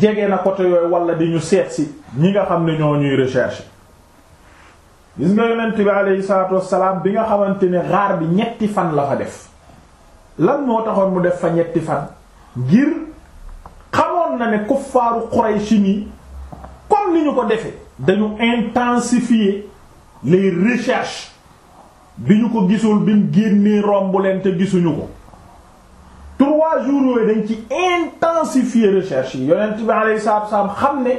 jege na côté yooyu wala di ñu seet si ñi nga xam ne ñoo ñuy recherche gis nga yonent bi aleyhi salaatu wassalaam bi nga xamante ne xaar bi ñetti fan la fa def lan moo taxoon mu def fa ñetti fan ngir xamoon na ne kuffaaru Qurayshi nii comme ni ñu ko defe dañu intensifier les recherches bi ñu ko gisul bi mu génnee rombuleen te gisuñu ko trois jours dañ ci intensifier recherche yi yonent bi aleyhi salaatu wassalaam xam ne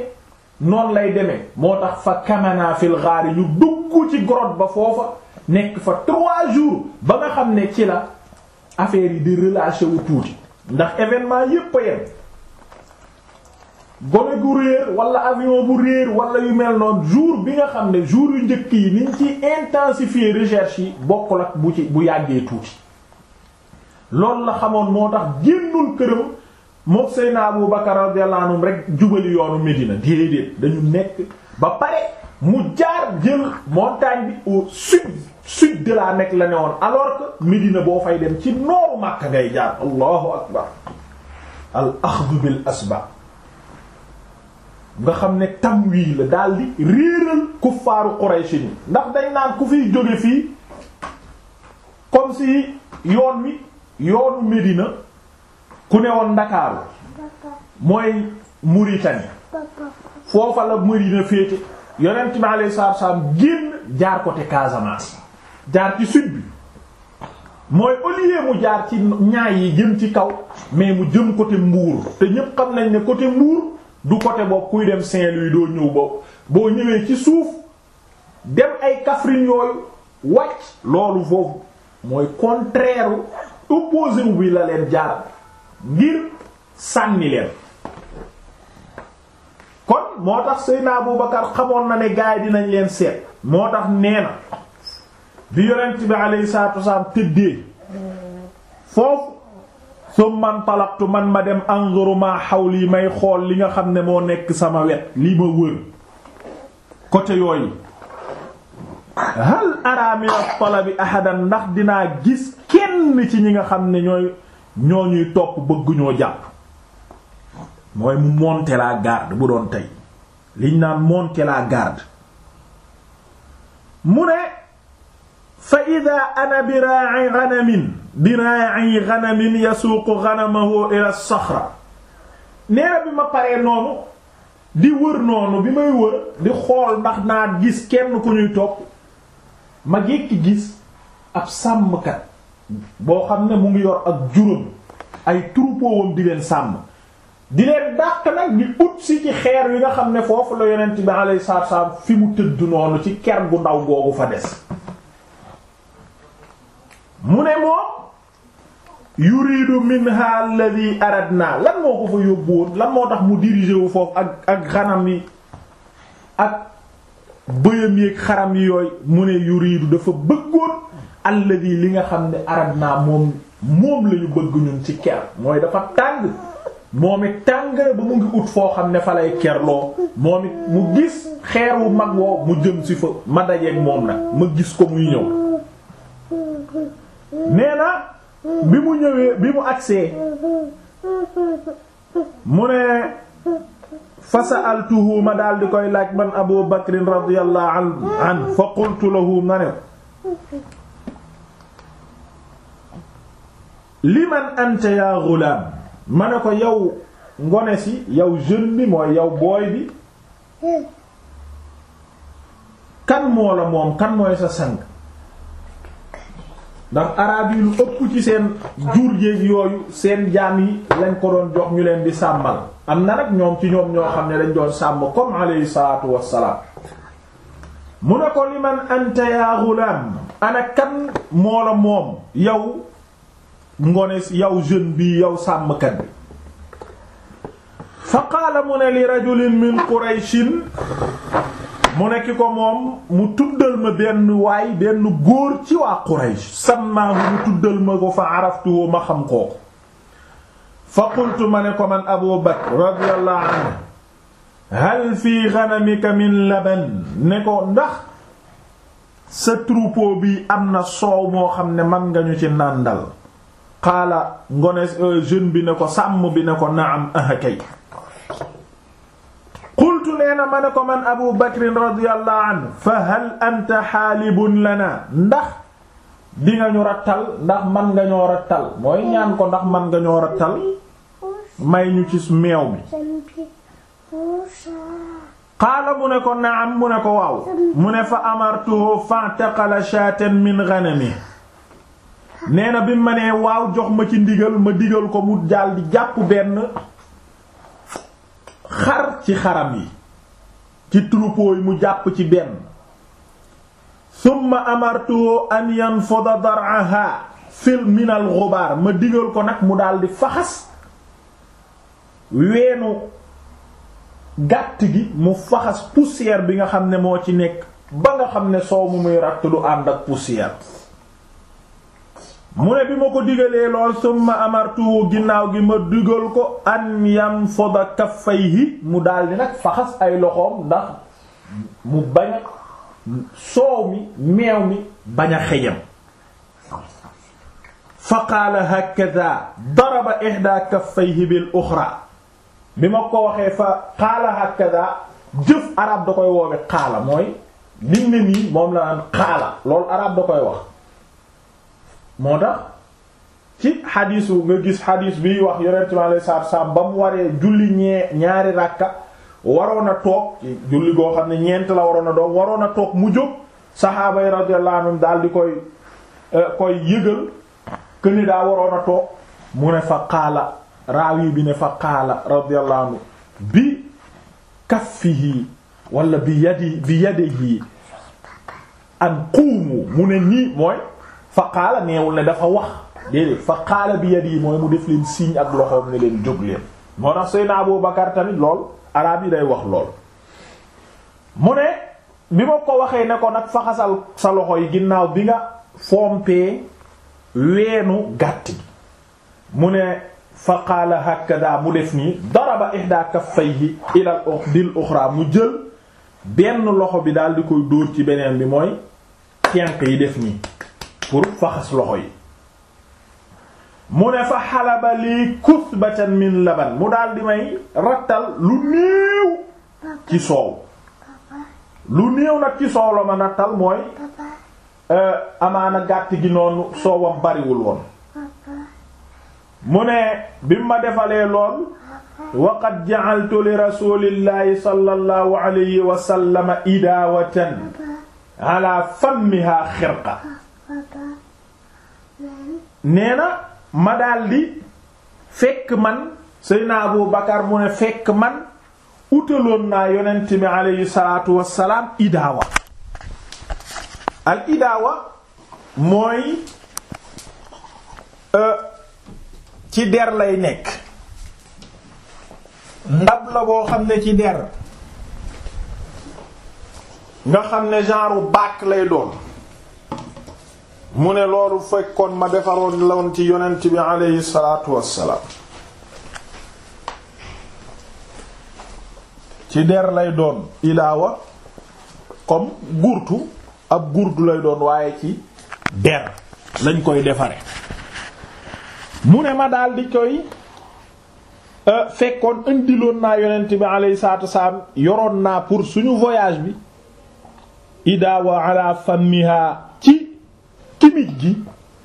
noonu lay deme moo tax fa kamanaa fil xaari yu dugg dugg ci grotte ba foofa nekk fa trois jours ba nga xam ne ci la affaire yi di relâché tuuti ndax événement yépp a yem gone gu réer wala avion bu réer wala yu mel noonu jour bi nga xam ne jour yu njëkk yi niñ ci intensifier recherche yi bokkul ak bu ci bu yàggee tuuti loolu na xamoon moo tax génnul këram moom Seydina Abu Bakar radiyallahu anhu jubali yoonu Medina déedéet dañu nekk ba pare mu jaar jël montagne bi au sud sud de la la ne woon alors que boo fay dem ci nooru Makka ngay jaar allahu akbar al axdu bil asbaab nga xam ne tamwii la daal réeral kuffaaru Quraysh ni ndax dañ naan ku fiy jóge fii comme si yoon wi yoonu Médina ku ne woon Ndakaaru mooy Mauritanie foofa la Médina féete yonent bi alayhi salaatu wa salaam génn jaar côté Casamance jaar ci sud bi mooy au mu jaar ci ñaay yi jëm ci kaw mais mu jëm côté Mbour te ñëpp xam nañ ne côté Mbour du côté boobu kuy dem Saint-Louis doo ñëw boobu boo ñëwee ci suuf dem ay Kaffrine yooyu wàcc loolu foofu mooy kontreeru opposé wu bi la leen jaar ngir sànni leen kon moo tax Seydina Abu Bakar xamoon na ne gaay dinañ leen seet moo tax nee na bi yonent bi alayhi salaatu wasalaam tëddee foofu summan talaqtu man ma dem anzuru ma yi may xool li nga xam ne moo nekk sama wet li ma wër côté yooyu hal ara min at ahadan ndax dinaa gis kenn ci ñi nga xam ne ñooy ñoo ñuy topp bëgg jàpp mooy mu monter la garde bu doon tey liñ naan monter la garde mu ne fa ida ana bira'i ghanamin bira'i ghanamin yasuuqu ila as-sakhra bi ma paree noonu di wër noonu bi may wër di xool ndax naa gis kenn ku ñuy topp ma yékki gis ab sàmmkat boo xam ne mu ngi yor ak juróom ay troupeau di leen sàmm di leen dàq nag di ut si ci xeer yi nga xam ne foofu la yonent bi alayhi salaatu salaam fi mu tëdd noonu ci ker gu ndaw googu fa des mu ne moom yuridu minha alladhi aradna lan moo ko fa yóbbu woon lan moo tax mu dirigé wu foofu ak ak xanam yi ak bëyam yi ak xaram yi yooyu mu ne yuridu dafa bëggoon alladhi li nga xam ne aradna moom moom lañu bëgg ñun ci ker mooy dafa tàng moom it tàngara ba mu ngi ut foo xam ne fa lay kerloo moom it mu gis xeer wu mag woo mu jëm si fa ma dajeeg moom nag ma gis ko muy ñëw nee na bi mu ñëwee bi mu agsee mu ne fa sa'altuhu ma di koy laaj man Abu Bakr radiyallahu anhu fa qultu lahu ma ne liman anta ya ghulam ma ne ko yow ngone si yow jeune bi mooy yow booy bi kan moo la moom kan mooy sa sang ndax araab yi lu ëpp ci seen jur jéeg yooyu seen jaam yi lañ ko doon jox ñu leen di sàmmal am na nag ñoom ci ñoom ñoo xam ne dañ doon sàmm comme alayhi salaatu wassalaam mu ne ko liman anta ana kan moo la moom yow ngone yow jeune bi yow sàmmkat bi fa qaala mu ne li rajulin min qurayshin mu ne ki ko moom mu tuddal ma benn waay benn góor ci waa quraysh sammaahu mu tuddal ma ko fa araftuhu ma xam kooku fa qultu ma ne ko man abu bakr radiyallahu anhu hal fii ghanamika min laban ne ko ndax sa troupeau bi am na soow moo xam ne man nga ñu ci nàndal xaala ngone euh, jeune bi ne ko sàmm bi ne ko naam aha kay qultu nee na ma ne ko man abu bakrin radiyallahu anhu fa hal anta xaalibun lana ndax di nga ñu rattal ndax man nga ñoo rattal mooy ñaan ko ndax man nga ñoo rattal may ñu ci meew mi qaala mu ne ko naam mu ne ko waaw mu ne fa amartuhu fa'taqala shaatan min ghanami nee na bi ma nee waaw jox ma ci ndigal ma digal ko mu daldi jàpp benn xar ci xaram yi ci troupeau yi mu jàpp ci benn summa amartuhu an yanfoda dar'aha fil minal xubaar ma digal ko nag mu daldi faxas weenu gàtt gi mu faxas poussière bi nga xam ne moo ci nekk ba nga xam ne soow mu muy ratt du ànd ak poussière mu ne bi ma ko digalee lool summa amartuhu ginnaaw gi ma digal ko an yam foda kaffayhi mu daldi nag faxas ay loxoom ndax mu bañ soow mi meew mi bañ a xejam fa qaala hakada daraba ihda kaffayhi bil uxra bi ma ko waxee fa qaala hakada jëf arab da koy woowe qaala mooy liñ ne nii moom la naan qaala loolu arab da koy wax moo tax ci xadiis nga gis xadiis biy wax yonent bi alayhi salaatu salaam ba mu waree julli ñee ñaari ràkka waroon a toog julli goo xam ne ñeent la waroon a doon waroon a toog mu jóg saxaaba yi radiyallahu anhum daal di koy eh, koy yëgal këni daa waroon a toog mu ne fa qaala raawi bi ne fa qaala radiyallahu anhu bi kaffihi wala bi yadi bi yadihi an quumu mu ne nii mooy fa qaala neewul ne dafa wax déedéet fa qaala bi yadi mooy mu def leen signe ak loxoom ne leen jóg leen moo tax Seydina Abu Bakar tamit lool araab yi day wax lool mu ne bi ma ko waxee ne ko nag faxasal sa loxo ginnaaw bi nga fompee weenu gàtt mu ne fa qaala hakada mu def nii daraba ihda kaffayhi ila dil uxra mu jël benn loxo bi daal di koy dóor ci beneen bi mooy tenq yi def nii faxas loxo yi mu ne fa xalaba lii kusbatan min laban mu daal di may rattal lu néew ci soow lu néew nag ci soow la ma rattal mooy euh, amaana gàtt gi noonu soowam bariwul woon mu ne bi ma defalee lool waqad ja'altu li rasulillahi sallallahu alayhi wa idaawatan ala fammiha xirqa nee na ma daldi fekk man Seydina Abu Bakar mu ne fekk man utaloon naa yonent bi aleyhi salaatu wassalaam idaawa al idaawa mooy euh, ci der lay nekk ndab la boo xam ne ci der nga xam ne genre baak lay doon mu ne loolu fekkoon ma defaroon lawoon ci yonent bi aleyhi salaatu wassalaam ci der lay doon ilaawa comme gurtu ab gurtu lay doon waaye ci der lañ koy defare mu ne ma daal di koy euh, fekkoon indiloon naa yonent bi aleyhi salaatu wassalaam yoroon naa pour suñu voyage bi idaawa ala famiha ci chimique gi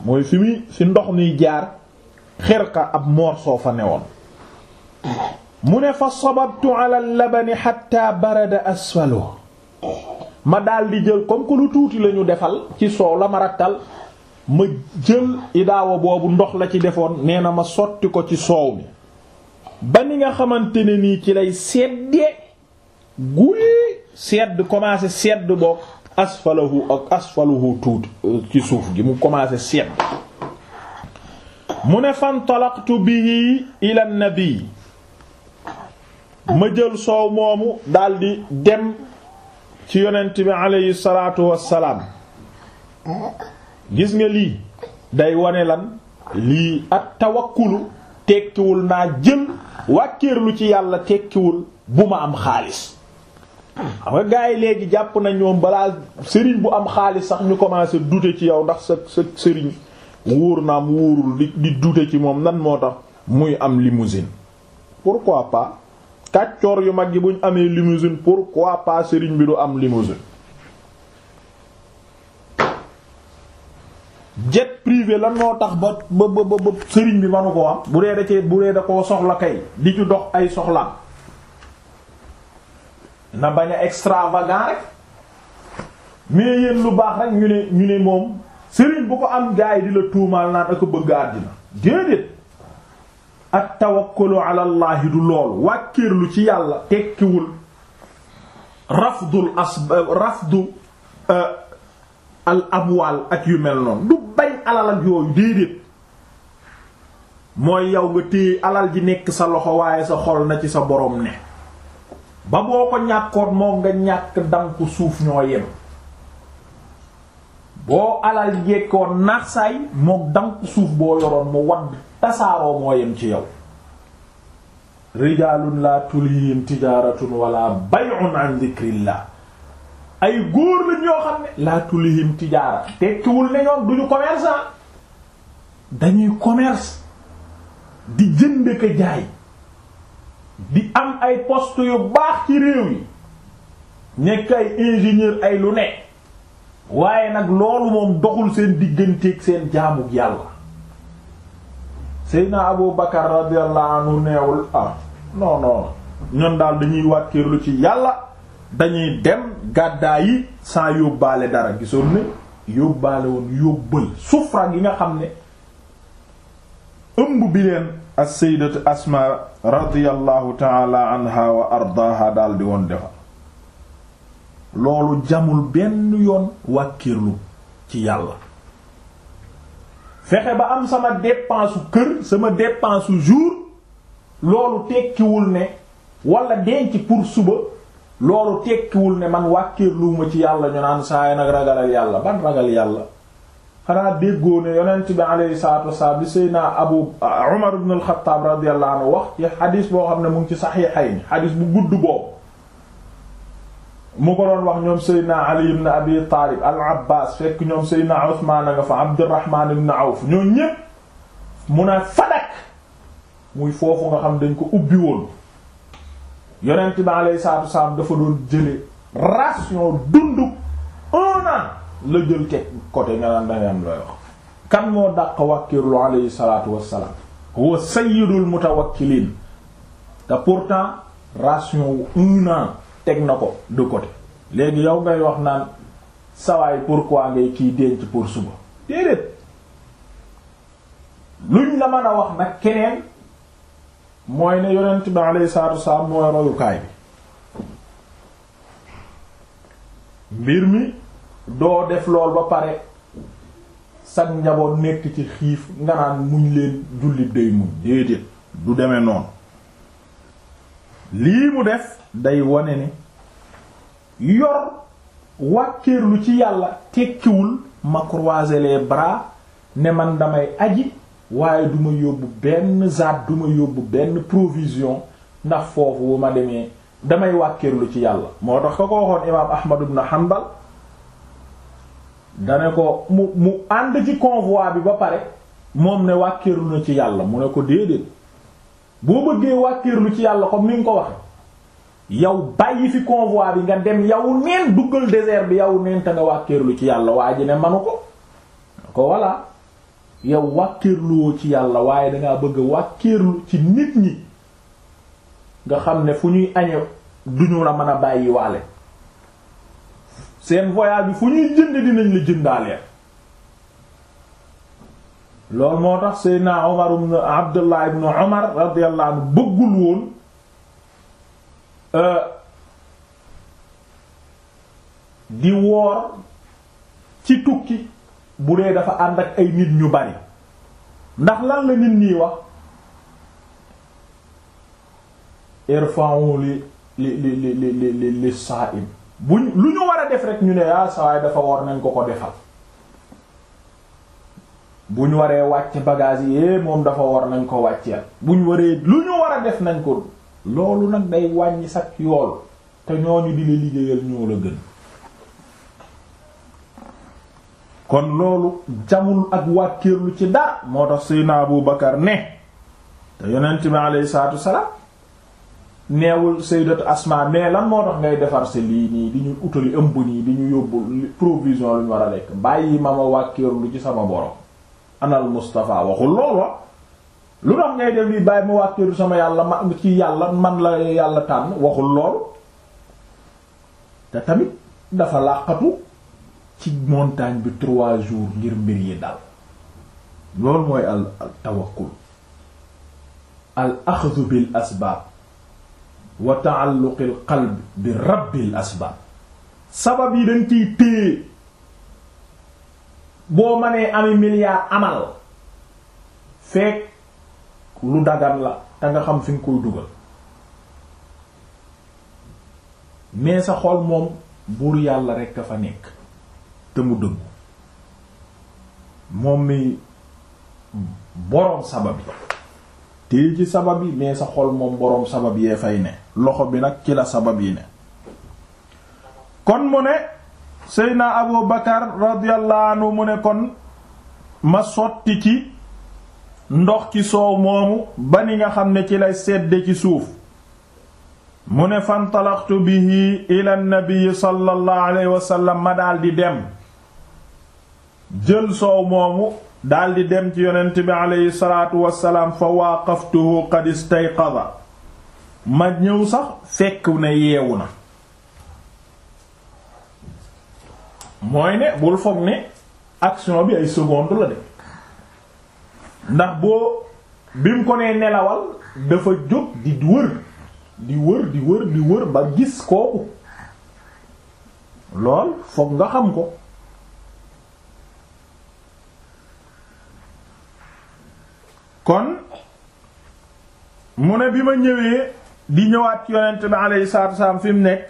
mooy fi fi ndox mi jaar xerka ab morceau fa newoon mu ne fa sababtu ala labani hatta barada asfalu ma daldi jël comme que lu tuuti la ñu defal ci soow la ma rattal ma jël idaawa boobu ndox la ci defoon nee na ma sotti ko ci soow mi ba ni nga xamante ne nii ci lay seddee guy sedd commencé sedd bokk asfalahu ak asfalahu euh, suuf gi mu commencé seet mu ne fantalaqtu bihi ila nabi ma jël soow moomu daldi dem ci yonent bi aleyhi salaatu wassalaam gis nga lii day wane lan lii at tawakkulu tekkiwul naa jël wàkkiirlu ci yàlla tekkiwul bu ma am xaalis xam nga gars yi léegi jàpp na ñoom balaa sëriñ bu am xaalis sax ñu commencé douter ci yow ndax sa sa sëriñ wóor naam wóorul di di douter ci moom nan moo tax muy am pour quoi pas kàccoor yu mag yi buñ amee pour quoi pas sëriñ bi du am limousine jet privé lan moo tax ba ba ba ba sëriñ bi manu ko am bu dee da cee bu dee da koo soxla kay di ci dox ay soxlaam na bañ a extravagant rek mais yéen lu baax rek ñu ne ñu ne moom sëriñ bu ko am gaay di la tuumaal naan ak bëgg àddina déedéet ak tawakkulu ala du loolu wàkkiirlu ci yàlla tekkiwul rafdul asb rafdu euh, al ak yu mel noonu du bañ alal ak yooyu déedéet mooy yow nga téye alal ji nekk sa loxo waaye sa xol na ci sa borom ne ba boo ko ñàkkoon moo nga ñàkk danku suuf ñoo yem boo alal jekkoon naax saay moo danku suuf boo yoroon mu wadd tasaaroo moo yem ci yow rijalun la tulihim tijaratun wala bay'un an dhikrillah ay góor lañ ñoo xam ne la tulihim tijaara tekkiwul ne ñoom duñu commerçant dañuy commerce di jënd ka jaay di am ay post yu baax ci réew yi nekk ay ingénieur ay lu nekk waaye nag loolu moom doxul seen digganteeg seen jaamug yàlla Seydina Abu Bakar radiyallahu anhu neewul ah non non daal dañuy wàkkeerlu ci yàlla dañuy dem gàddaay yi sans yóbbaale dara gisoon ne yóbbaale woon yóbbal sufra gi nga xam ne ëmb bi leen as-sayyidatu asma radiyallahu taala anha wa ardaaha daldi woon defal loolu jamul benn yoon wàkkirlu ci yàlla fexe ba am sama dépense kër sama dépense jour loolu tekkiwul ne walla denc pour suba loolu tekkiwul ne man wàkkirlu ma ci yàlla ñu naan saay nag ragalal yàlla ban ragal yàlla xanaa déggoo yonent bi alayhi salaatu wasalaam bi Seydina Abu Umar ibn al-Khattab radiyallahu wax ci xadis boo xam ne mu ngi ci saxiixayn xadis bu gudd boobu mu ko doon wax ñoom Seydina Ali ibn Abi Taalib al-Abbaas fekk ñoom Seydina Usmaan a nga fa Abdurrahmaan ibn Awf ñoom ñépp mu ne Fadak muy foofu nga xam dañ ko ubbi woon yonent bi alayhi salaatu wasalaam dafa doon jële ration dundu un la jël teg côté nga naan dangay am looy wax kan moo dàq wàkkirlu alayhi salaatu wassalaam huwa muta mutawakkiliin te pourtant ration wu un teg na ko du côté léegi yow ngay wax naan sawaay pourquoi ngay kiy denc pour suba déedéet luñ la mën a wax nag keneen mooy ne yonent bi alayhi salaatu wassalaam mooy royukaay bi mbir mi doo def lool ba pare sag njaboot nekk ci xiif nga naan muñ leen jullit day muñ déedéet du demee noonu lii mu def day wane ni yor wàkkeerlu ci yàlla tekkiwul ma croiser les bras ne man damay aji waaye duma ma yóbbu benn zaat du yóbbu benn provision ndax foofu bu ma demee damay wàkkeerlu ci yàlla moo tax ka ko waxoon imaam Ahmad ibn Hanbal dane ko mu mu ànd ci convoi bi ba pare moom ne wàkkeeru na ci yàlla mu ne ko déedéet boo bëggee wàkkeerlu ci yàlla ko ni nga ko waxe yow bàyyi fi convoi bi nga dem yow neen duggal désert bi yow neen te nga wàkkeerlu ci yàlla waa ji ne ko ko voilà yow wàkkeerluwoo ci yàlla waaye dangaa bëgg a wàkkeerlu ci nit ñi nga xam ne fu ñuy añe duñu la mën a bàyyi waale seen voyage bi fu ñuy jënd dinañ la jëndaalee loolu moo tax Seydina Omar ibn Abdullah ibn Omar radiyallahu bëggul woon di woor ci tukki bu dee dafa ànd ak ay nit ñu bari ndax lan la nit ñi wax irfa'u li li li li li li sa'im buñ lu ñu war a def rek ñu ne ah sawaay dafa war nañ ko ko defal ñu waree wàcc bagage yi eh, moom dafa war nañ ko wàcceel buñ waree lu ñu war a def nañ ko loolu nag day wàññi sax yool te ñoo di la liggéeyal ñoo la gën kon loolu jamul ak wàkkeerlu ci dara moo tax Seydina Abu Bakar ne te yonent bi alayhi salaatu salaam neewul sayyidatu asma mais lan moo tax ngay defar si lii nii di ñu utali ëmb nii di ñu yóbbu provision lu ñu war a lekk bàyyi ma ma wàkkeerlu ci sama borom anal Mustafa waxul loolu ah. lu tax ngay def lii bàyyi ma wàkkeerlu sama yàlla ma ci yàlla man la yàlla tànn waxul loolu te tamit dafa làqatu ci montagne bi trois jours ngir mbir yi dal loolu mooy al tawakkul al axdu bil asbaab wa taalluqil qalb bi rabbil asbaab sabab yi dañ ciy téye boo mënee ami milliard amal fekk lu dagan la te nga xam fi nga koy dugal mais xol moom buur yàlla rekk a fa nekk te mu dëggu moom mi boroom sabab yi téye ci sabab yi mais sa xol moom boroom sabab yee fay ne loxo bi nag ci la sabab yi kon mu ne seydna abu bakar radiyallahu anhu mu ne kon ma sotti ci ndox ci soow moomu ba ni nga xam ne ci lay sedd ci suuf mu ne fantalaxtu bihi ila nabi sallallahu alayhi wasallam ma daldi dem jël soow moomu daldi dem ci yonent bi alayhi salaatu wasalaam fa waaqaftuhu qad istayqada ma ñëw sax fekk ne yeewu na mooy ne bul foog ne action bi ay seconde la de ndax boo bi mu ko nee nelawal dafa jóg di wër di wër di wër di wër ba gis kooku lool foog nga xam ko kon mu ne bi ma ñëwee di ñëwaat ci yonent bi alayhi wasalaam fi mu nekk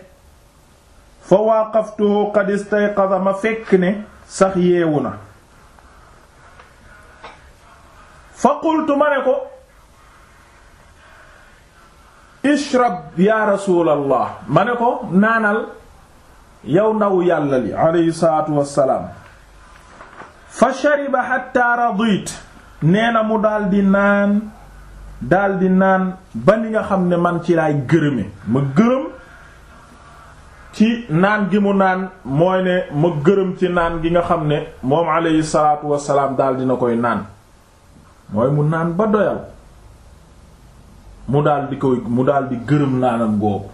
fa waaqaftuhu qad istayqaza ma fekk ne sax yeewu na fa qultu ma ne ko ishrab ya rasuulallah ma ne ko naanal yow ndaw yàlla li alayhi salaatu fa shariba hatta radit nee na mu daldi naan daldi naan ba ni nga xam ne man ci laay gërëme ma gërëm ci naan gi mu naan mooy ne ma gërëm ci naan gi nga xam ne moom alayhi salaatu wasalaam daldi na koy naan mooy mu naan ba doyal mu daldi koy mu daldi gërëm naanam googu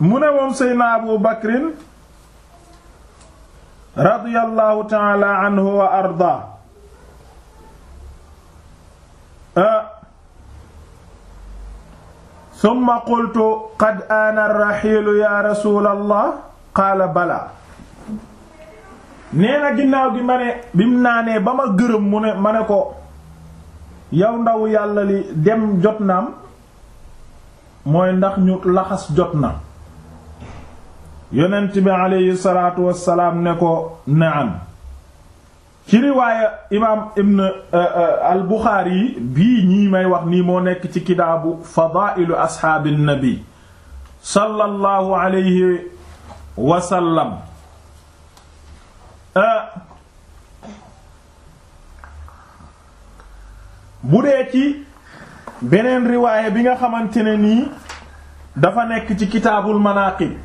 mu ne moom Seydina Abu Bakrin radiyallahu ta'ala anhu wa arda Ah. summa qultu qad aana raxiilu ya rasuulallah qaala balaa nee na ginnaaw gi ma ne bi mu naanee ba ma gërëm mu ne ma ne ko yow ndaw yàlla li dem jot naam mooy ndax ñu laxas jot na yonent bi aleyhi salaatu wassalaam ne ko am ci riwaaya imaam ibn euh, euh, al Buxaari bii ñii may wax nii moo nekk ci kitaabu fadaa'ilu asxaabi nabi sallallahu alayhi wa sallam euh, bu dee ci beneen riwaaya bi nga xamante ne nii dafa nekk ci kitaabul manaaqib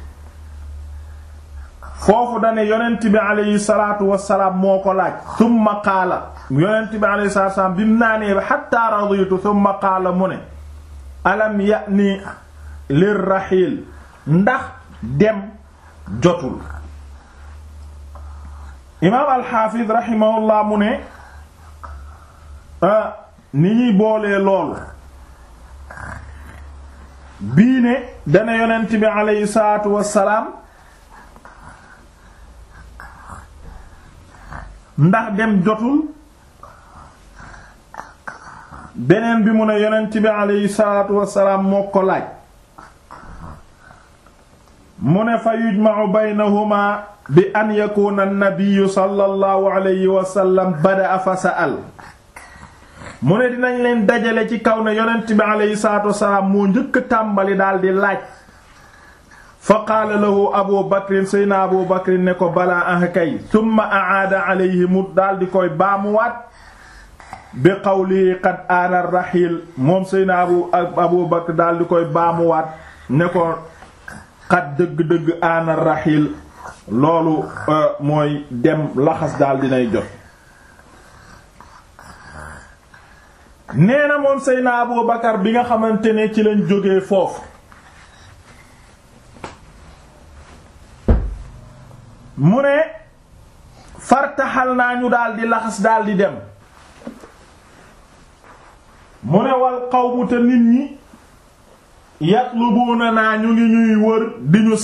foofu dane yonent bi alayhi salaatu wasalaam moo ko laaj thumma qaala yonent bi alayhi salaatu wasalaam bi mu naanee hatta raditu thumma qaala mu ne alam ya'ni lirraxiil ndax dem jotul imaam alxaafid raximahullah mu ne ni ñuy boolee loolu bii ne dane yonent bi alayhi salaatu wasalaam ndax dem jotul beneen bi mu ne yonent bi aleyhi salaatu wasalaam moo ko laaj mu ne fa yujma'u baynahuma bi an yakuna an-nabiyyu sallallahu alayhi wa sallam mu ne dinañ leen dajale ci kaw ne yonent bi aleyhi salaatu wasalaam moo njëkk tàmbali daal di laaj fa qaala lahu abu bakrin sayna abu bakrin ne ko balaa ah kay tumma aada alayhi mu daal koy baamuwaat bi qawli qad aana raxiil moom sayna abu abu bakr daal koy baamuwaat ne ko qad dëgg-dëgg aana raxiil loolu euh, mooy dem laxas daal dinay jot nee na moom sayna abu bakar bi nga xamante ne ci lañ jógee foofu mu ne fartaxal naa ñu daal laxas daldi di dem mu ne wal qawmu te nit ñi yatlubuuna naa ñu ngi ñuy wër di ñu